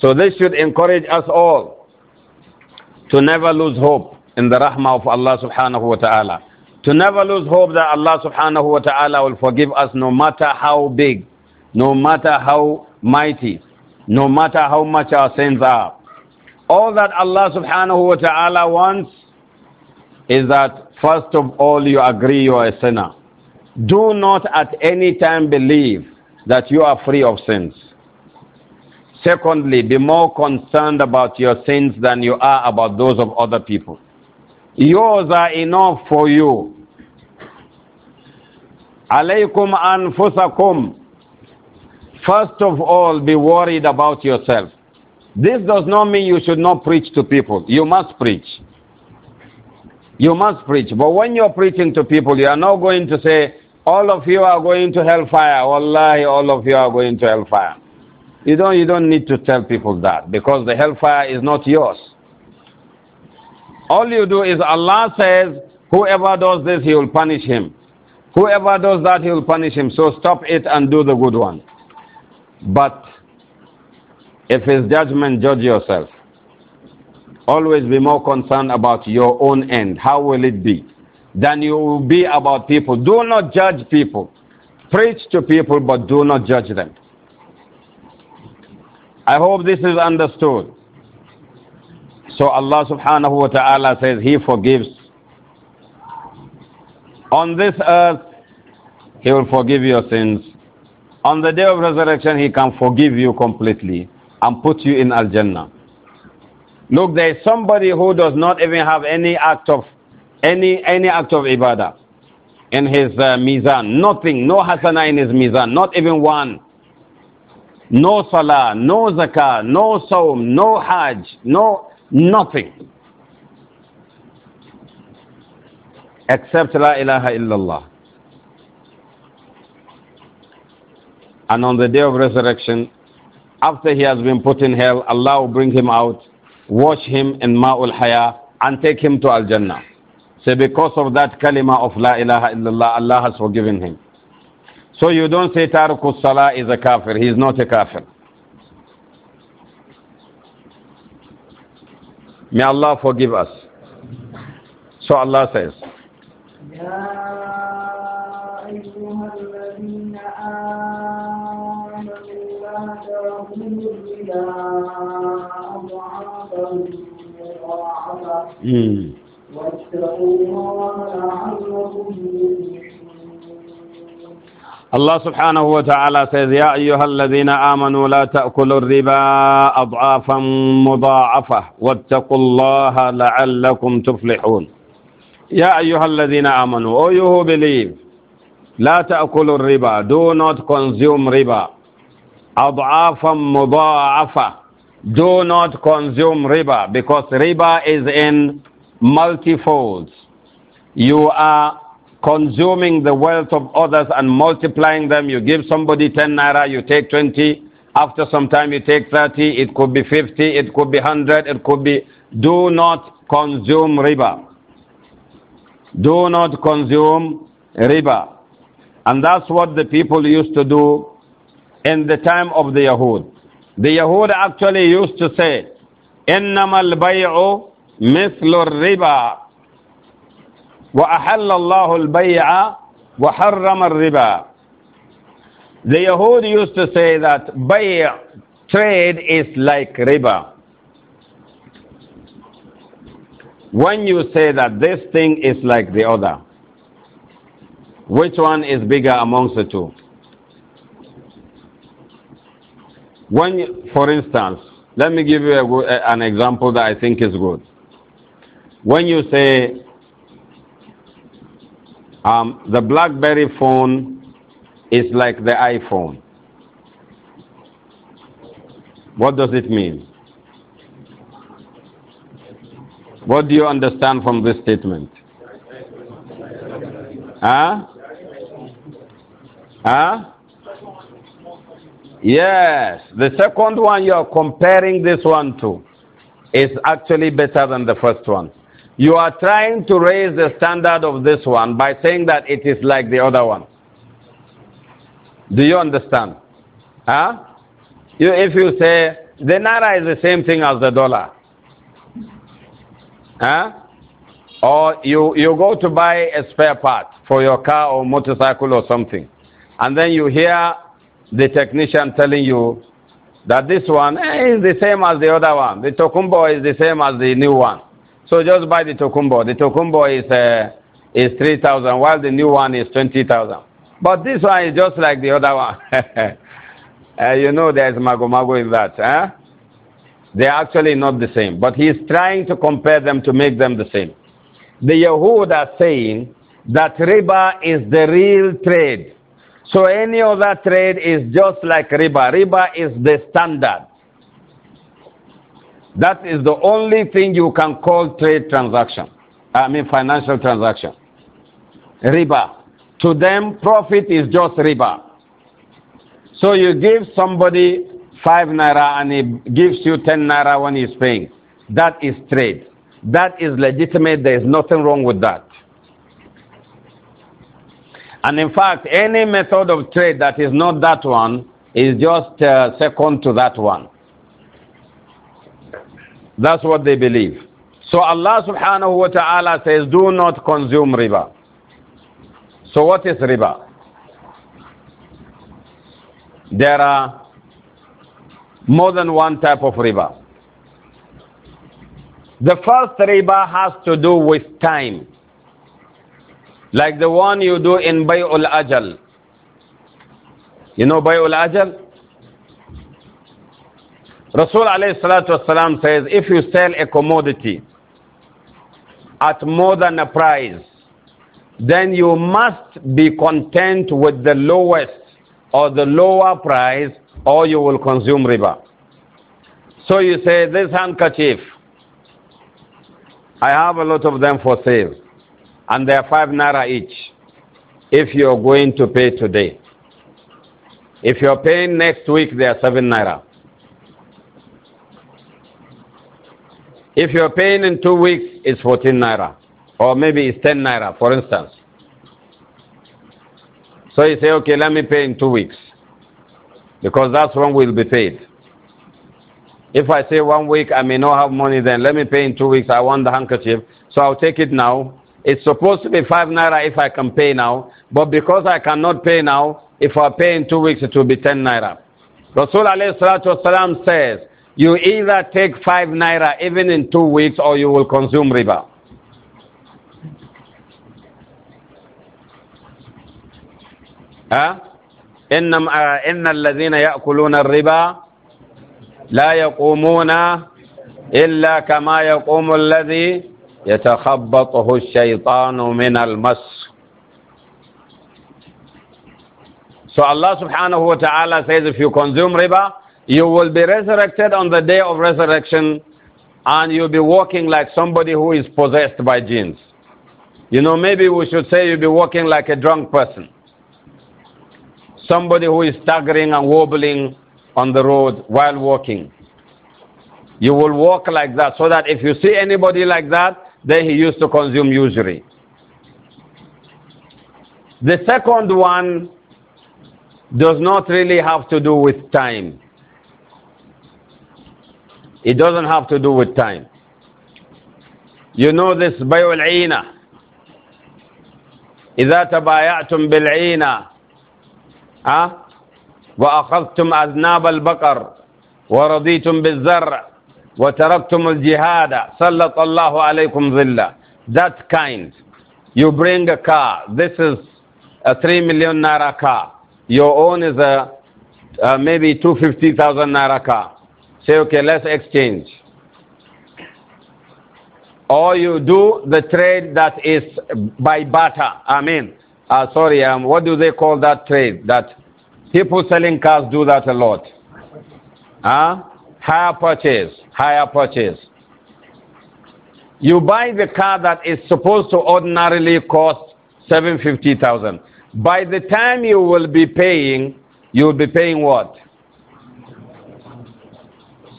So this should encourage us all to never lose hope in the rahmah of Allah subhanahu wa ta'ala. To never lose hope that Allah subhanahu wa ta'ala will forgive us no matter how big no matter how mighty, no matter how much our sins are. All that Allah subhanahu wa ta'ala wants is that first of all you agree you are a sinner. Do not at any time believe that you are free of sins. Secondly, be more concerned about your sins than you are about those of other people. Yours are enough for you. عليكم أنفسكم first of all, be worried about yourself. This does not mean you should not preach to people. You must preach. You must preach. But when you're preaching to people, you are not going to say, all of you are going to hellfire. Wallahi, all of you are going to hellfire. You don't, you don't need to tell people that because the hellfire is not yours. All you do is Allah says, whoever does this, he will punish him. Whoever does that, he will punish him. So stop it and do the good one. But if it's judgment, judge yourself. Always be more concerned about your own end. How will it be? Than you will be about people. Do not judge people. Preach to people, but do not judge them. I hope this is understood. So Allah subhanahu wa ta'ala says He forgives. On this earth, He will forgive your sins on the day of resurrection, he can forgive you completely and put you in Al Jannah. Look, there is somebody who does not even have any act of any any act of ibadah in his uh, mizan. Nothing, no hasana in his mizan, not even one. No salah, no zakah, no saum, no hajj, no nothing. Except la ilaha illallah. And on the day of resurrection, after he has been put in hell, Allah will bring him out, wash him in Ma'ul Haya, and take him to Al Jannah. so because of that kalima of La ilaha illallah, Allah has forgiven him. So you don't say Tarukus Salah is a kafir. He is not a kafir. May Allah forgive us. So Allah says, يا أيها الذين آمنوا أضعافا مضاعفة واتقوا الله لعلكم الله سبحانه وتعالى سيد يا أيها الذين آمنوا لا تأكلوا الربا أضعافا مضاعفة واتقوا الله لعلكم تفلحون يا أيها الذين آمنوا أو you who لا تأكلوا الربا Do not consume riba أضعافا مضاعفة do not consume riba because riba is in multifolds. You are consuming the wealth of others and multiplying them. You give somebody 10 naira, you take 20. After some time, you take 30. It could be 50, it could be 100, it could be. Do not consume riba. Do not consume riba. And that's what the people used to do in the time of the Yahud. The Yahud actually used to say, إِنَّمَا الْبَيْعُ مِثْلُ الرِّبَى وَأَحَلَّ اللَّهُ الْبَيْعَ وَحَرَّمَ الرِّبَى The Yahud used to say that bay' trade is like riba. When you say that this thing is like the other, which one is bigger amongst the two? When, for instance, let me give you a, an example that I think is good. When you say um, the BlackBerry phone is like the iPhone, what does it mean? What do you understand from this statement? Huh? Huh? Yes, the second one you are comparing this one to is actually better than the first one. You are trying to raise the standard of this one by saying that it is like the other one. Do you understand? Huh? You, if you say the naira is the same thing as the dollar, huh? or you, you go to buy a spare part for your car or motorcycle or something, and then you hear the technician telling you that this one eh, is the same as the other one. The Tokumbo is the same as the new one. So just buy the Tokumbo. The Tokumbo is, uh, is 3,000 while the new one is 20,000. But this one is just like the other one. uh, you know there's magomago in that. Eh? They're actually not the same. But he's trying to compare them to make them the same. The Yahud are saying that riba is the real trade. So any other trade is just like riba. Riba is the standard. That is the only thing you can call trade transaction. I mean financial transaction. Riba. To them, profit is just riba. So you give somebody 5 naira and he gives you 10 naira when he's paying. That is trade. That is legitimate. There is nothing wrong with that. And in fact, any method of trade that is not that one is just uh, second to that one. That's what they believe. So Allah subhanahu wa ta'ala says, do not consume riba. So what is riba? There are more than one type of riba. The first riba has to do with time. Like the one you do in Bay'ul Ajal. You know Bay'ul Ajal? Rasul alayhi says, if you sell a commodity at more than a price, then you must be content with the lowest or the lower price or you will consume riba. So you say, this handkerchief, I have a lot of them for sale and they are five naira each if you're going to pay today. If you're paying next week, they are seven naira. If you're paying in two weeks, it's 14 naira. Or maybe it's 10 naira, for instance. So you say, okay, let me pay in two weeks. Because that's when we'll be paid. If I say one week, I may not have money then. Let me pay in two weeks. I want the handkerchief. So I'll take it now it's supposed to be 5 naira if I can pay now, but because I cannot pay now, if I pay in two weeks, it will be 10 naira. Rasul والسلام, says, You either take 5 naira even in two weeks or you will consume riba. إن الذين يأكلون الربا لا يقومون إلا كما يقوم الذي يتخبطه الشيطان من المس So Allah subhanahu wa ta'ala says if you consume riba, you will be resurrected on the day of resurrection and you'll be walking like somebody who is possessed by jinns. You know, maybe we should say you'll be walking like a drunk person. Somebody who is staggering and wobbling on the road while walking. You will walk like that so that if you see anybody like that, then he used to consume usury. The second one does not really have to do with time. It doesn't have to do with time. You know this al aina. إذا تبايعتم بالعينة ها وأخذتم أذناب البقر ورضيتم بالزرع وَتَرَكْتُمُ الْجِهَادَ صَلَّطَ اللَّهُ عَلَيْكُمْ ظِلَّ That kind. You bring a car. This is a 3 million naira car. Your own is a uh, maybe 250,000 naira car. Say, okay, let's exchange. Or you do the trade that is by barter. I mean, uh, sorry, um, what do they call that trade? That people selling cars do that a lot. Huh? Hire purchase higher purchase. You buy the car that is supposed to ordinarily cost 750,000. By the time you will be paying, you will be paying what?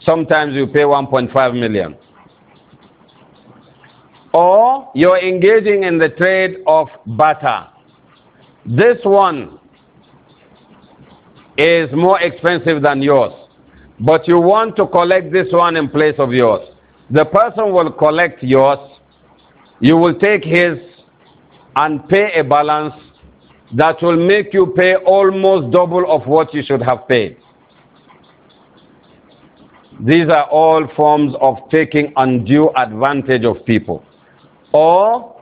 Sometimes you pay 1.5 million. Or you're engaging in the trade of butter. This one is more expensive than yours but you want to collect this one in place of yours. The person will collect yours, you will take his and pay a balance that will make you pay almost double of what you should have paid. These are all forms of taking undue advantage of people. Or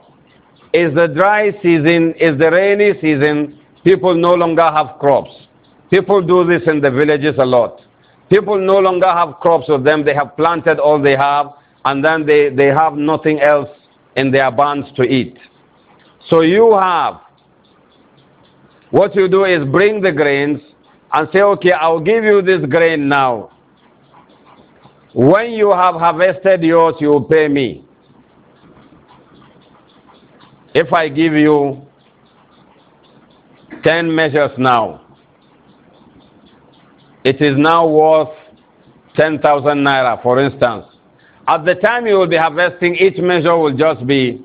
is the dry season, is the rainy season, people no longer have crops. People do this in the villages a lot. People no longer have crops with them. They have planted all they have, and then they, they have nothing else in their barns to eat. So you have, what you do is bring the grains and say, okay, I'll give you this grain now. When you have harvested yours, you pay me. If I give you 10 measures now, it is now worth 10,000 naira, for instance. At the time you will be harvesting, each measure will just be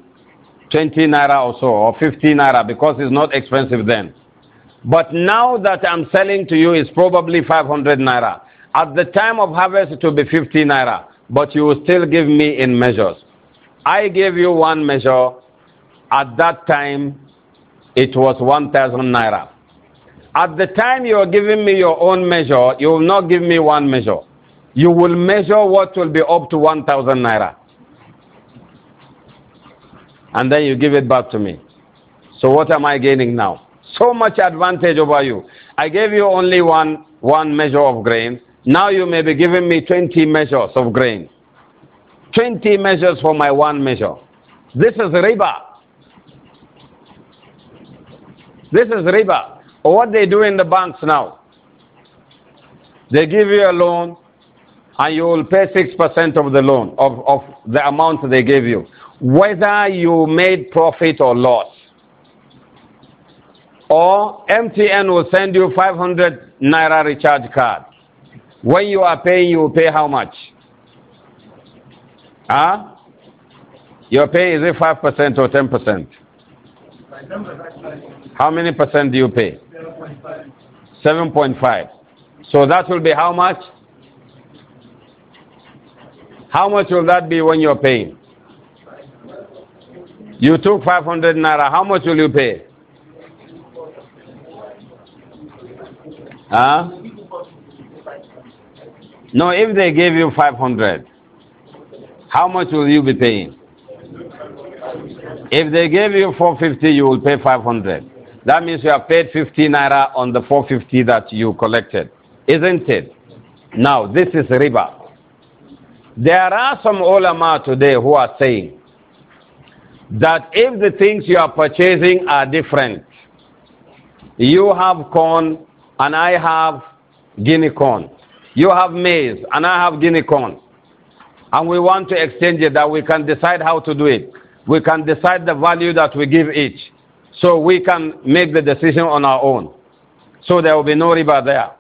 20 naira or so, or 15 naira, because it's not expensive then. But now that I'm selling to you, it's probably 500 naira. At the time of harvest, it will be 50 naira, but you will still give me in measures. I gave you one measure. At that time, it was 1,000 naira. At the time you are giving me your own measure, you will not give me one measure. You will measure what will be up to 1,000 naira. And then you give it back to me. So what am I gaining now? So much advantage over you. I gave you only one, one measure of grain. Now you may be giving me 20 measures of grain. 20 measures for my one measure. This is riba. This is riba what they do in the banks now. They give you a loan and you will pay 6% of the loan, of, of the amount they gave you, whether you made profit or loss. Or MTN will send you 500 Naira recharge card. When you are paying, you will pay how much? Huh? Your pay is it 5% or 10%? How many percent do you pay? 7.5. So that will be how much? How much will that be when you're paying? You took 500 naira. How much will you pay? Huh? No, if they gave you 500, how much will you be paying? If they gave you 450, you will pay 500. That means you have paid 50 naira on the 450 that you collected, isn't it? Now, this is riba. There are some ulama today who are saying that if the things you are purchasing are different, you have corn and I have guinea corn. You have maize and I have guinea corn. And we want to exchange it, that we can decide how to do it. We can decide the value that we give each. So we can make the decision on our own. So there will be no riba there.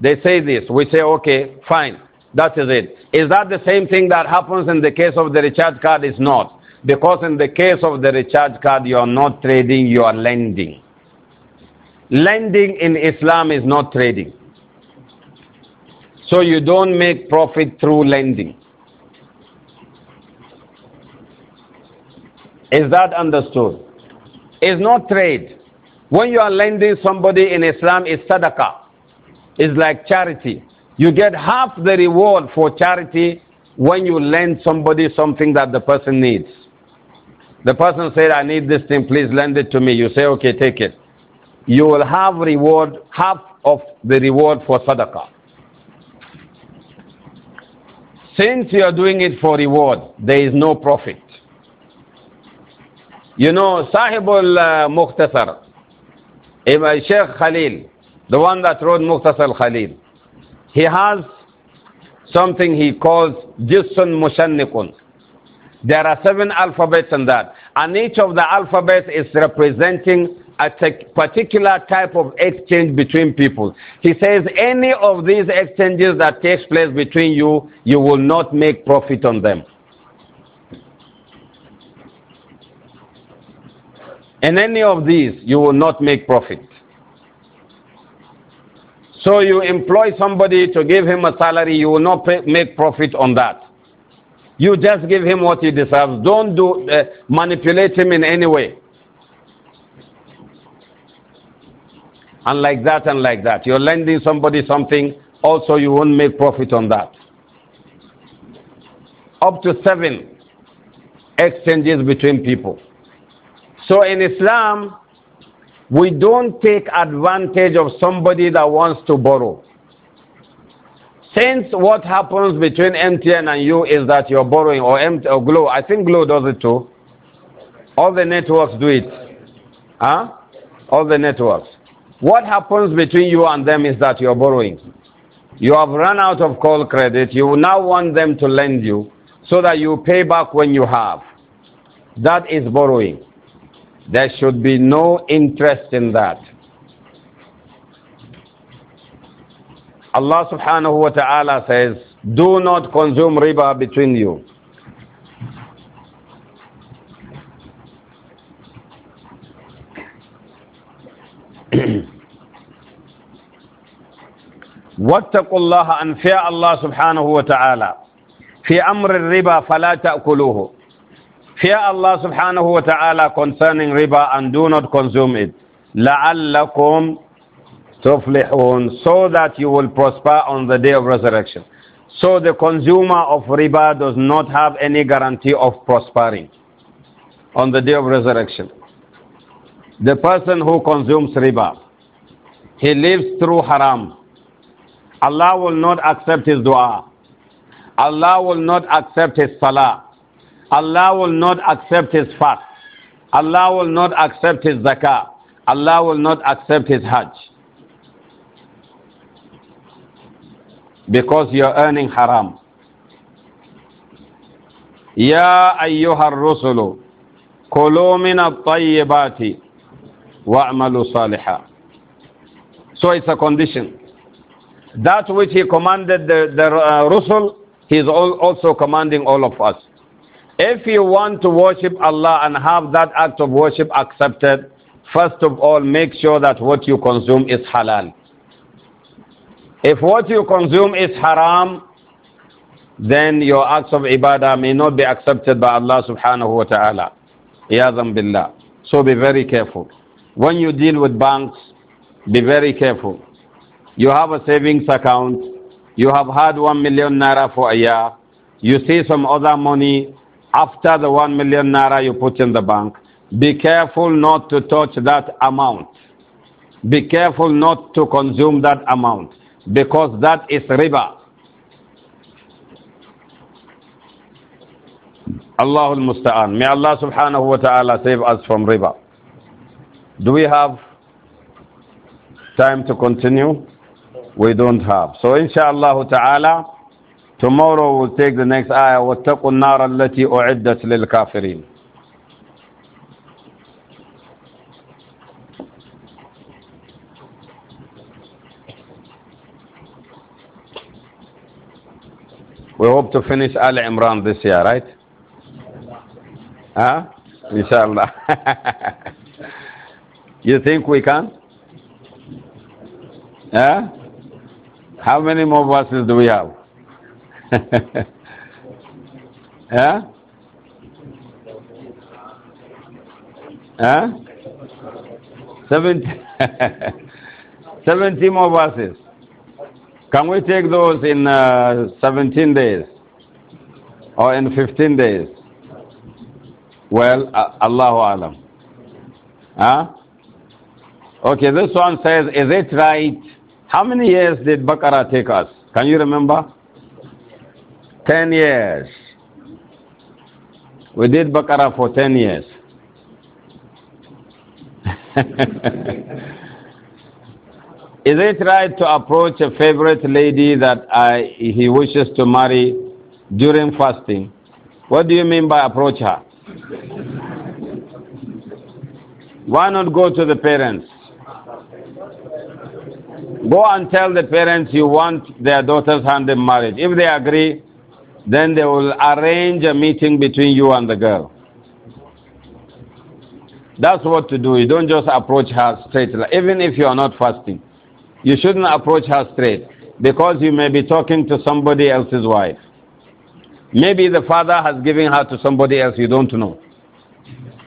They say this. We say, okay, fine. That is it. Is that the same thing that happens in the case of the recharge card? It's not. Because in the case of the recharge card, you are not trading, you are lending. Lending in Islam is not trading. So you don't make profit through lending. Is that understood? is not trade. When you are lending somebody in Islam, it's sadaqah. It's like charity. You get half the reward for charity when you lend somebody something that the person needs. The person said, I need this thing, please lend it to me. You say, okay, take it. You will have reward, half of the reward for sadaqah. Since you are doing it for reward, there is no profit. You know, Sahibul uh, Mukhtasar, uh, Sheikh Khalil, the one that wrote Mukhtasar Khalil, he has something he calls Jisun Mushannikun. There are seven alphabets in that, and each of the alphabets is representing a particular type of exchange between people. He says any of these exchanges that takes place between you, you will not make profit on them. In any of these, you will not make profit. So you employ somebody to give him a salary, you will not pay, make profit on that. You just give him what he deserves. Don't do, uh, manipulate him in any way. And like that and like that. You're lending somebody something, also you won't make profit on that. Up to seven exchanges between people. So in Islam, we don't take advantage of somebody that wants to borrow. Since what happens between MTN and you is that you're borrowing, or, MT, or Glow, I think Glow does it too. All the networks do it. Huh? All the networks. What happens between you and them is that you're borrowing. You have run out of call credit. You now want them to lend you so that you pay back when you have. That is borrowing. There should be no interest in that. Allah subhanahu wa ta'ala says, Do not consume riba between you. واتقوا الله أن فيا الله سبحانه وتعالى في أمر الربا فلا تأكلوه Fear Allah subhanahu wa ta'ala concerning riba and do not consume it. لَعَلَّكُمْ tuflihun, So that you will prosper on the day of resurrection. So the consumer of riba does not have any guarantee of prospering on the day of resurrection. The person who consumes riba, he lives through haram. Allah will not accept his dua. Allah will not accept his salah. Allah will not accept his fast. Allah will not accept his zakah. Allah will not accept his hajj. Because you're earning haram. يا أيها الرسل كلوا من الطيبات وأعملوا صالحا So it's a condition. That which he commanded the, the uh, Rusul, he's all, also commanding all of us. If you want to worship Allah and have that act of worship accepted, first of all, make sure that what you consume is halal. If what you consume is haram, then your acts of ibadah may not be accepted by Allah subhanahu wa ta'ala. Iyazam billah. So be very careful. When you deal with banks, be very careful. You have a savings account. You have had one million naira for a year. You see some other money after the 1 million naira you put in the bank, be careful not to touch that amount. Be careful not to consume that amount because that is riba. Allahul Musta'an. May Allah subhanahu wa ta'ala save us from riba. Do we have time to continue? We don't have. So inshallah ta'ala, Tomorrow we'll take the next ayah, وَاتَّقُوا النَّارَ الَّتِي أُعِدَّتْ لِلْكَافِرِينَ We hope to finish Al Imran this year, right? Huh? Inshallah. you think we can? Yeah? How many more verses do we have? Huh? Huh? 70, more verses. Can we take those in uh, 17 days or in 15 days? Well, uh, Allahu Alam. Huh? Okay, this one says, is it right? How many years did Baqarah take us? Can you remember? 10 years. We did Baqarah for 10 years. Is it right to approach a favorite lady that I, he wishes to marry during fasting? What do you mean by approach her? Why not go to the parents? Go and tell the parents you want their daughters hand in marriage. If they agree, then they will arrange a meeting between you and the girl. That's what to do. You don't just approach her straight, even if you are not fasting. You shouldn't approach her straight because you may be talking to somebody else's wife. Maybe the father has given her to somebody else you don't know.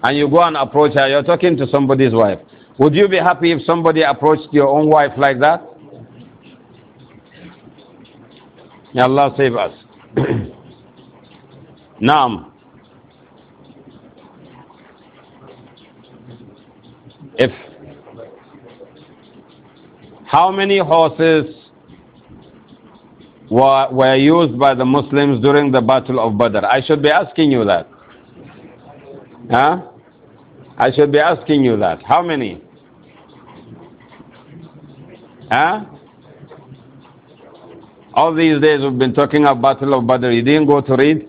And you go and approach her, you're talking to somebody's wife. Would you be happy if somebody approached your own wife like that? May Allah save us. Naam. If how many horses were, were used by the Muslims during the Battle of Badr? I should be asking you that. Huh? I should be asking you that. How many? Huh? All these days we've been talking about Battle of Badr. You didn't go to read?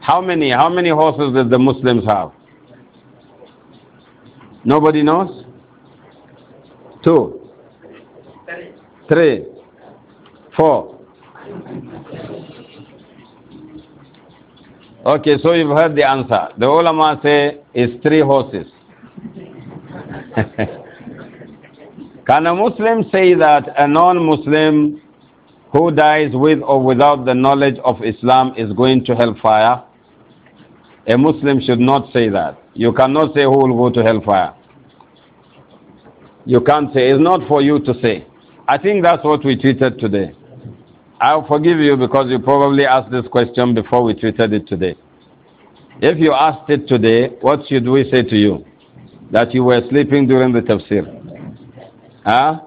How many? How many horses did the Muslims have? Nobody knows? Two. Three. Four. Okay, so you've heard the answer. The ulama say it's three horses. Can a Muslim say that a non-Muslim who dies with or without the knowledge of Islam is going to hellfire? A Muslim should not say that. You cannot say who will go to hellfire. You can't say. It's not for you to say. I think that's what we tweeted today. I'll forgive you because you probably asked this question before we tweeted it today. If you asked it today, what should we say to you? That you were sleeping during the tafsir. Huh?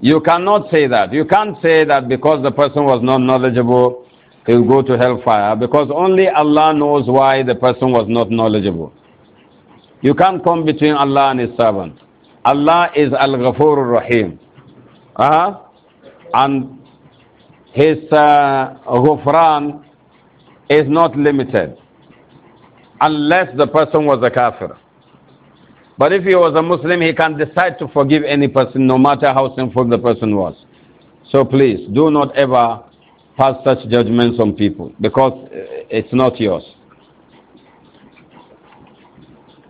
You cannot say that. You can't say that because the person was not knowledgeable, he'll go to hellfire. Because only Allah knows why the person was not knowledgeable. You can't come between Allah and His servant. Allah is Al Ghafur Rahim. Uh-huh. And His uh, Ghufran is not limited unless the person was a kafir. But if he was a Muslim, he can decide to forgive any person, no matter how sinful the person was. So please, do not ever pass such judgments on people, because uh, it's not yours.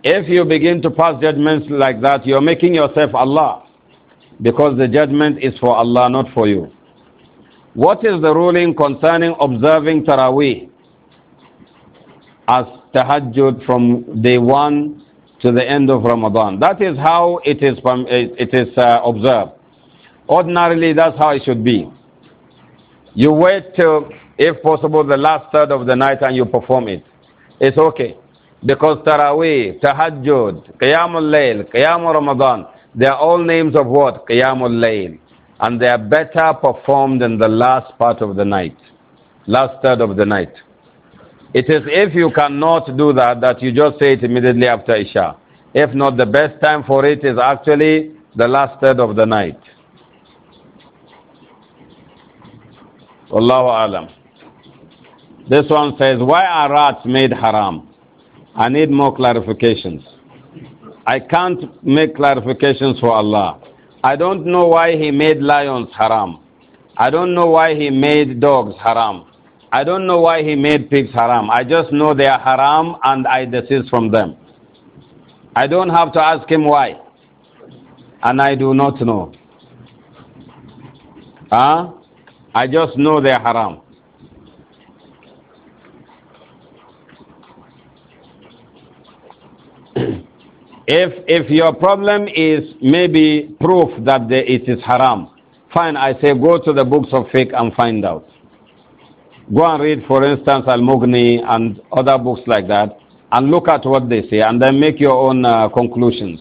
If you begin to pass judgments like that, you're making yourself Allah, because the judgment is for Allah, not for you. What is the ruling concerning observing Taraweeh as tahajjud from day one to the end of Ramadan. That is how it is, it is uh, observed. Ordinarily, that's how it should be. You wait till, if possible, the last third of the night and you perform it. It's okay. Because Taraweeh, Tahajjud, Qiyamul Layl, Qiyamul Ramadan, they are all names of what? Qiyamul Layl. And they are better performed in the last part of the night, last third of the night. It is if you cannot do that, that you just say it immediately after Isha. If not, the best time for it is actually the last third of the night. Wallahu alam. This one says, Why are rats made haram? I need more clarifications. I can't make clarifications for Allah. I don't know why He made lions haram. I don't know why He made dogs haram. I don't know why he made pigs haram. I just know they are haram and I desist from them. I don't have to ask him why. And I do not know. Huh? I just know they are haram. if, if your problem is maybe proof that the, it is haram, fine, I say go to the books of fiqh and find out. Go and read, for instance, Al-Mughni and other books like that, and look at what they say, and then make your own uh, conclusions.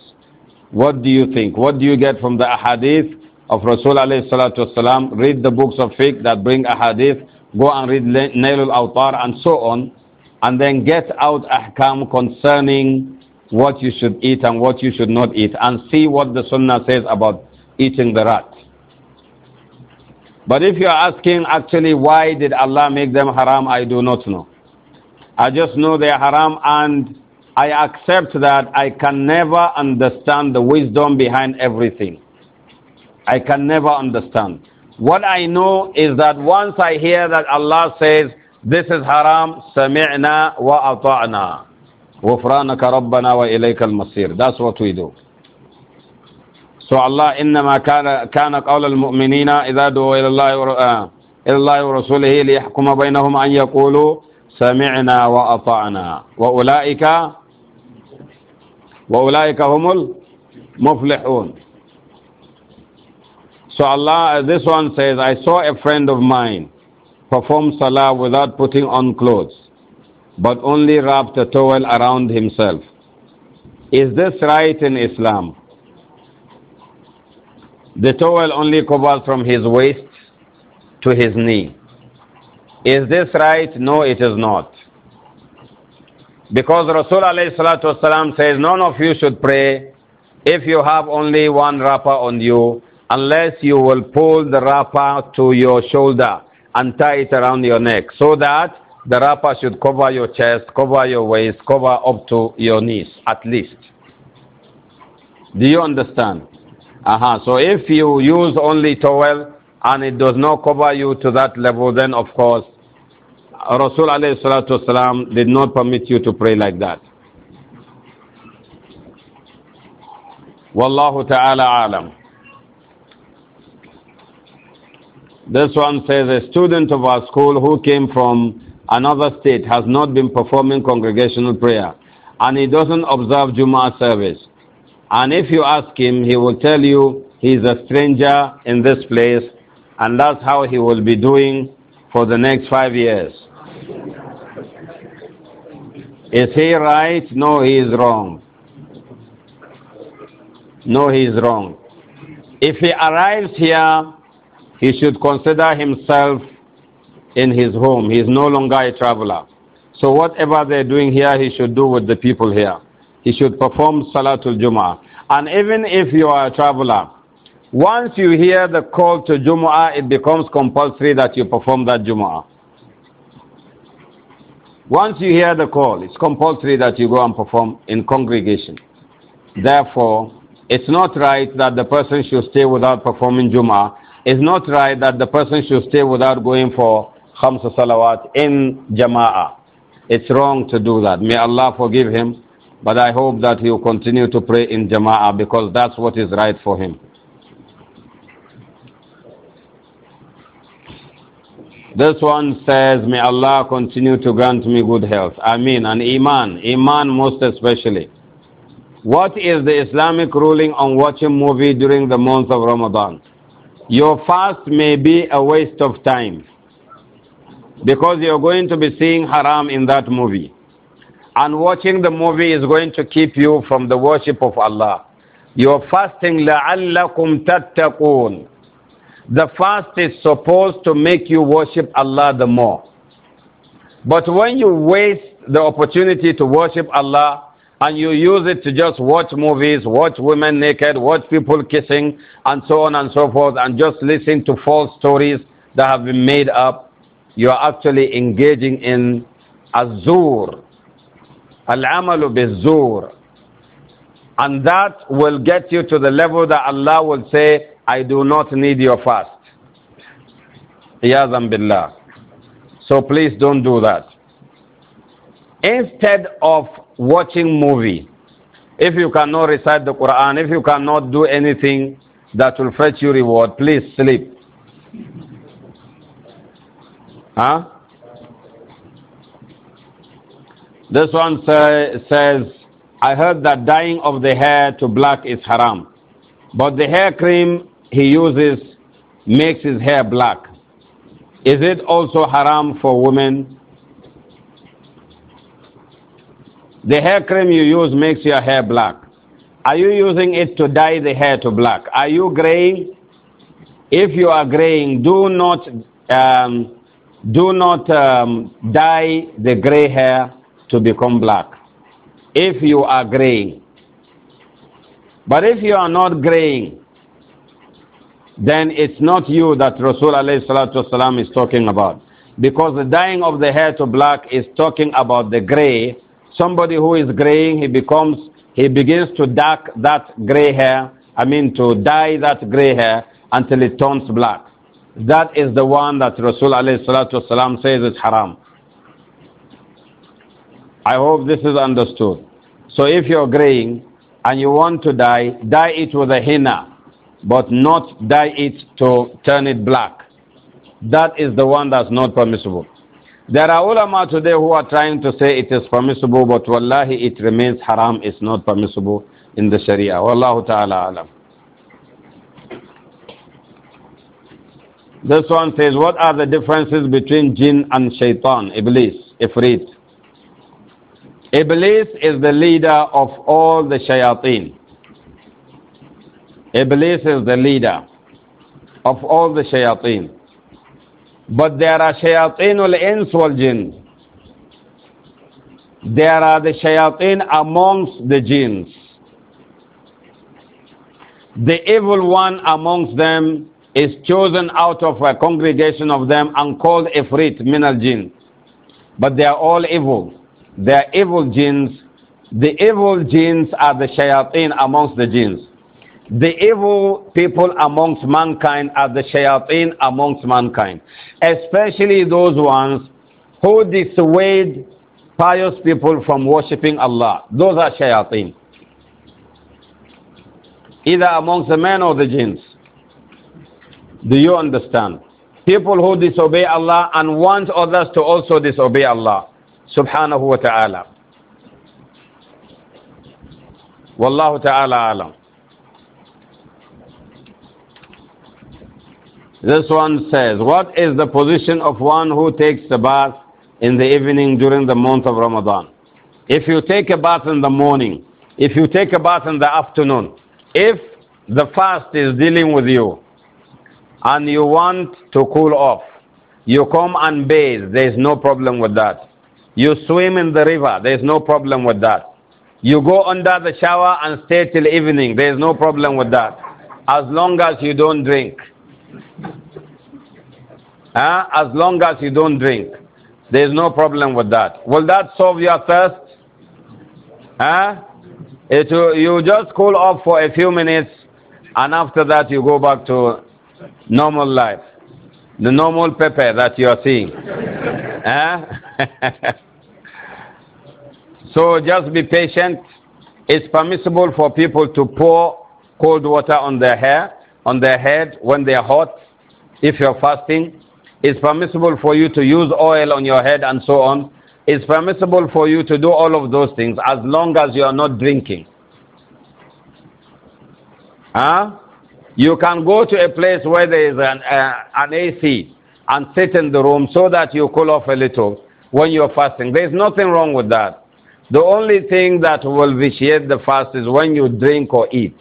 What do you think? What do you get from the ahadith of Rasul alayhi Read the books of fiqh that bring ahadith. Go and read Nailul Awtar and so on. And then get out ahkam concerning what you should eat and what you should not eat. And see what the sunnah says about eating the rat. But if you are asking actually why did Allah make them haram, I do not know. I just know they are haram and I accept that I can never understand the wisdom behind everything. I can never understand. What I know is that once I hear that Allah says, this is haram, سمعنا وأطعنا غفرانك ربنا وإليك المصير. That's what we do. سو الله إنما كان كان قول المؤمنين إذا دعوا إلى الله إلى الله ورسوله ليحكم بينهم أن يقولوا سمعنا وأطعنا وأولئك وأولئك هم المفلحون So Allah, this one says, I saw a friend of mine perform salah without putting on clothes, but only wrapped a towel around himself. Is this right in Islam? The towel only covers from his waist to his knee. Is this right? No, it is not. Because Rasulullah says, none of you should pray if you have only one wrapper on you, unless you will pull the wrapper to your shoulder and tie it around your neck, so that the wrapper should cover your chest, cover your waist, cover up to your knees, at least. Do you understand? Uh -huh. So if you use only towel and it does not cover you to that level, then of course, Rasul والسلام, did not permit you to pray like that. Wallahu ta'ala alam. This one says a student of our school who came from another state has not been performing congregational prayer and he doesn't observe Jummah service. And if you ask him, he will tell you he is a stranger in this place, and that's how he will be doing for the next five years. Is he right? No, he is wrong. No, he is wrong. If he arrives here, he should consider himself in his home. He is no longer a traveler. So, whatever they're doing here, he should do with the people here he should perform Salatul Jum'ah. And even if you are a traveler, once you hear the call to Jumu'ah, it becomes compulsory that you perform that Jumu'ah. Once you hear the call, it's compulsory that you go and perform in congregation. Therefore, it's not right that the person should stay without performing Jumu'ah. It's not right that the person should stay without going for Khamsa Salawat in Jama'ah. It's wrong to do that. May Allah forgive him but I hope that he will continue to pray in Jama'ah because that's what is right for him. This one says, May Allah continue to grant me good health. Ameen. And Iman. Iman most especially. What is the Islamic ruling on watching movie during the month of Ramadan? Your fast may be a waste of time because you're going to be seeing haram in that movie and watching the movie is going to keep you from the worship of Allah. Your fasting, لَعَلَّكُمْ تَتَّقُونَ The fast is supposed to make you worship Allah the more. But when you waste the opportunity to worship Allah and you use it to just watch movies, watch women naked, watch people kissing, and so on and so forth, and just listen to false stories that have been made up, you are actually engaging in azur, Al-amalu bizur. And that will get you to the level that Allah will say, I do not need your fast. Iyazam billah. So please don't do that. Instead of watching movie, if you cannot recite the Quran, if you cannot do anything that will fetch you reward, please sleep. Huh? This one say, says, I heard that dyeing of the hair to black is haram, but the hair cream he uses makes his hair black. Is it also haram for women? The hair cream you use makes your hair black. Are you using it to dye the hair to black? Are you graying? If you are graying, do not um, do not um, dye the gray hair to become black. If you are graying. But if you are not graying, then it's not you that Rasul والسلام, is talking about. Because the dyeing of the hair to black is talking about the gray. Somebody who is graying, he becomes, he begins to dark that gray hair, I mean to dye that gray hair until it turns black. That is the one that Rasul والسلام, says is haram. I hope this is understood. So if you're graying and you want to dye, dye it with a henna, but not dye it to turn it black. That is the one that's not permissible. There are ulama today who are trying to say it is permissible, but wallahi it remains haram, it's not permissible in the Sharia. Wallahu ta'ala alam. This one says, what are the differences between jinn and shaitan, iblis, ifrit? Iblis is the leader of all the shayateen. Iblis is the leader of all the shayateen. But there are shayateen al-ins wal-jinn. There are the shayateen amongst the jinns. The evil one amongst them is chosen out of a congregation of them and called Ifrit min al-jinn. But they are all evil. They're evil genes. The evil genes are the shayateen amongst the jinns. The evil people amongst mankind are the shayateen amongst mankind. Especially those ones who dissuade pious people from worshipping Allah. Those are shayateen. Either amongst the men or the jinns. Do you understand? People who disobey Allah and want others to also disobey Allah subhanahu wa ta'ala. Wallahu ta'ala alam. This one says, What is the position of one who takes a bath in the evening during the month of Ramadan? If you take a bath in the morning, if you take a bath in the afternoon, if the fast is dealing with you and you want to cool off, you come and bathe, there is no problem with that. You swim in the river, there is no problem with that. You go under the shower and stay till evening, there is no problem with that. As long as you don't drink. Huh? As long as you don't drink, there is no problem with that. Will that solve your thirst? Huh? It, you just cool off for a few minutes and after that you go back to normal life. The normal pepper that you are seeing. eh? so just be patient. It's permissible for people to pour cold water on their hair, on their head when they are hot, if you're fasting. It's permissible for you to use oil on your head and so on. It's permissible for you to do all of those things as long as you are not drinking. Huh? You can go to a place where there is an, uh, an AC and sit in the room so that you cool off a little when you're fasting. There's nothing wrong with that. The only thing that will vitiate the fast is when you drink or eat.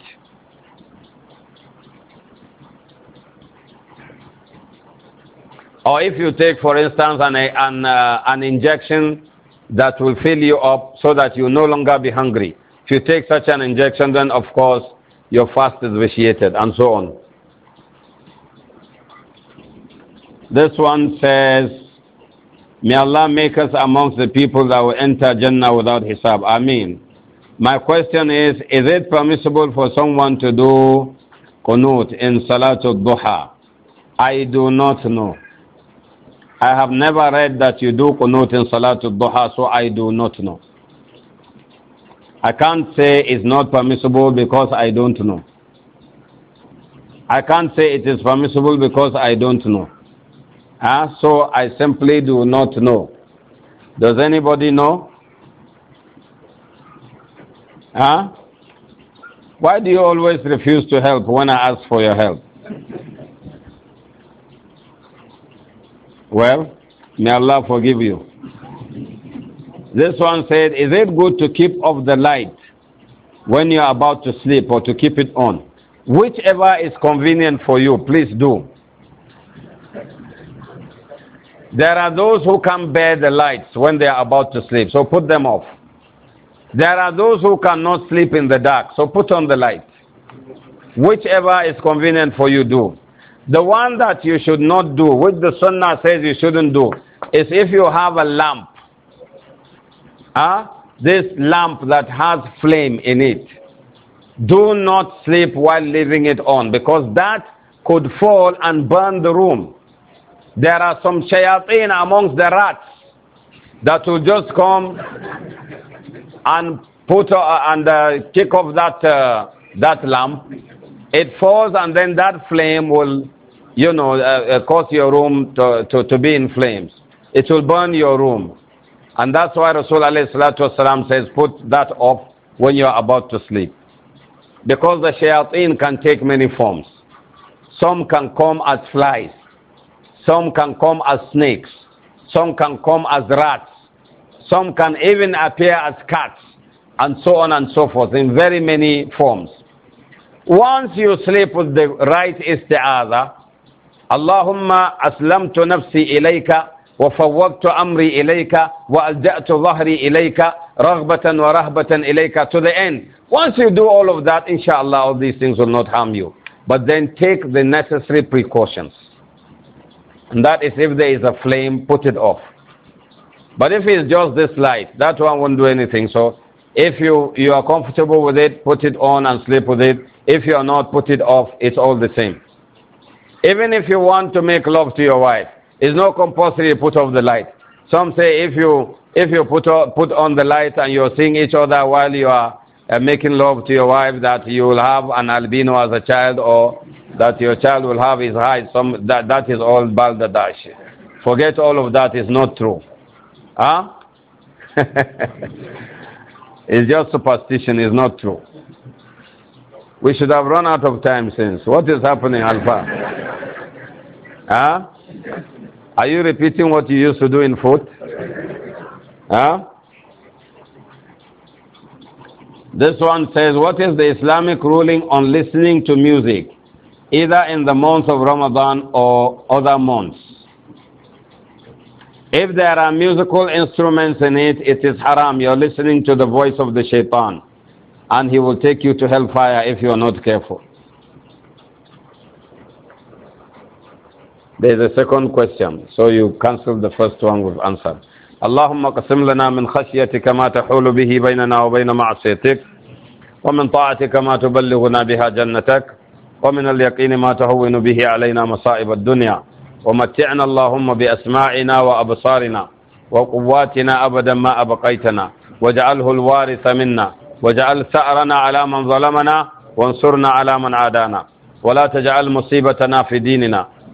Or if you take, for instance, an, an, uh, an injection that will fill you up so that you no longer be hungry. If you take such an injection, then of course your fast is vitiated, and so on. This one says, May Allah make us amongst the people that will enter Jannah without hisab. Ameen. My question is, is it permissible for someone to do qunut in Salatul Duha? I do not know. I have never read that you do qunut in Salatul Duha, so I do not know. I can't say it's not permissible because I don't know. I can't say it is permissible because I don't know. Uh, so I simply do not know. Does anybody know? Huh? Ah? Why do you always refuse to help when I ask for your help? Well, may Allah forgive you. This one said, Is it good to keep off the light when you are about to sleep or to keep it on? Whichever is convenient for you, please do. There are those who can bear the lights when they are about to sleep, so put them off. There are those who cannot sleep in the dark, so put on the light. Whichever is convenient for you, do. The one that you should not do, which the Sunnah says you shouldn't do, is if you have a lamp Ah, uh, this lamp that has flame in it. Do not sleep while leaving it on because that could fall and burn the room. There are some shayateen amongst the rats that will just come and put uh, and uh, kick off that uh, that lamp. It falls and then that flame will, you know, uh, uh, cause your room to, to, to be in flames. It will burn your room. And that's why Rasulullah says, put that off when you are about to sleep. Because the shayateen can take many forms. Some can come as flies. Some can come as snakes. Some can come as rats. Some can even appear as cats. And so on and so forth in very many forms. Once you sleep with the right isti'adha, Allahumma aslamtu nafsi ilayka وفوضت أمري إليك وألجأت ظهري إليك رغبة ورهبة إليك to the end. Once you do all of that, inshallah, all these things will not harm you. But then take the necessary precautions. And that is if there is a flame, put it off. But if it's just this light, that one won't do anything. So if you, you are comfortable with it, put it on and sleep with it. If you are not, put it off. It's all the same. Even if you want to make love to your wife, it's not compulsory to put off the light. Some say if you, if you put, on, put on the light and you're seeing each other while you are uh, making love to your wife, that you will have an albino as a child or that your child will have his eyes. Some, that, that is all balderdash. Forget all of that. It's not true. Huh? it's just superstition. It's not true. We should have run out of time since. What is happening, Alpha? huh? Are you repeating what you used to do in fourth? Huh? This one says, What is the Islamic ruling on listening to music, either in the month of Ramadan or other months? If there are musical instruments in it, it is haram. You're listening to the voice of the shaitan, and he will take you to hellfire if you are not careful. There is a second question, so you cancel the first one with answer. اللهم قسم لنا من خشيتك ما تحول به بيننا وبين معصيتك ومن طاعتك ما تبلغنا بها جنتك ومن اليقين ما تهون به علينا مصائب الدنيا ومتعنا اللهم بأسماعنا وأبصارنا وقواتنا أبدا ما أبقيتنا واجعله الوارث منا واجعل ثأرنا على من ظلمنا وانصرنا على من عادانا ولا تجعل مصيبتنا في ديننا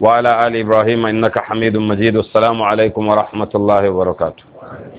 وعلى آل إبراهيم إنك حميد مجيد السلام عليكم ورحمة الله وبركاته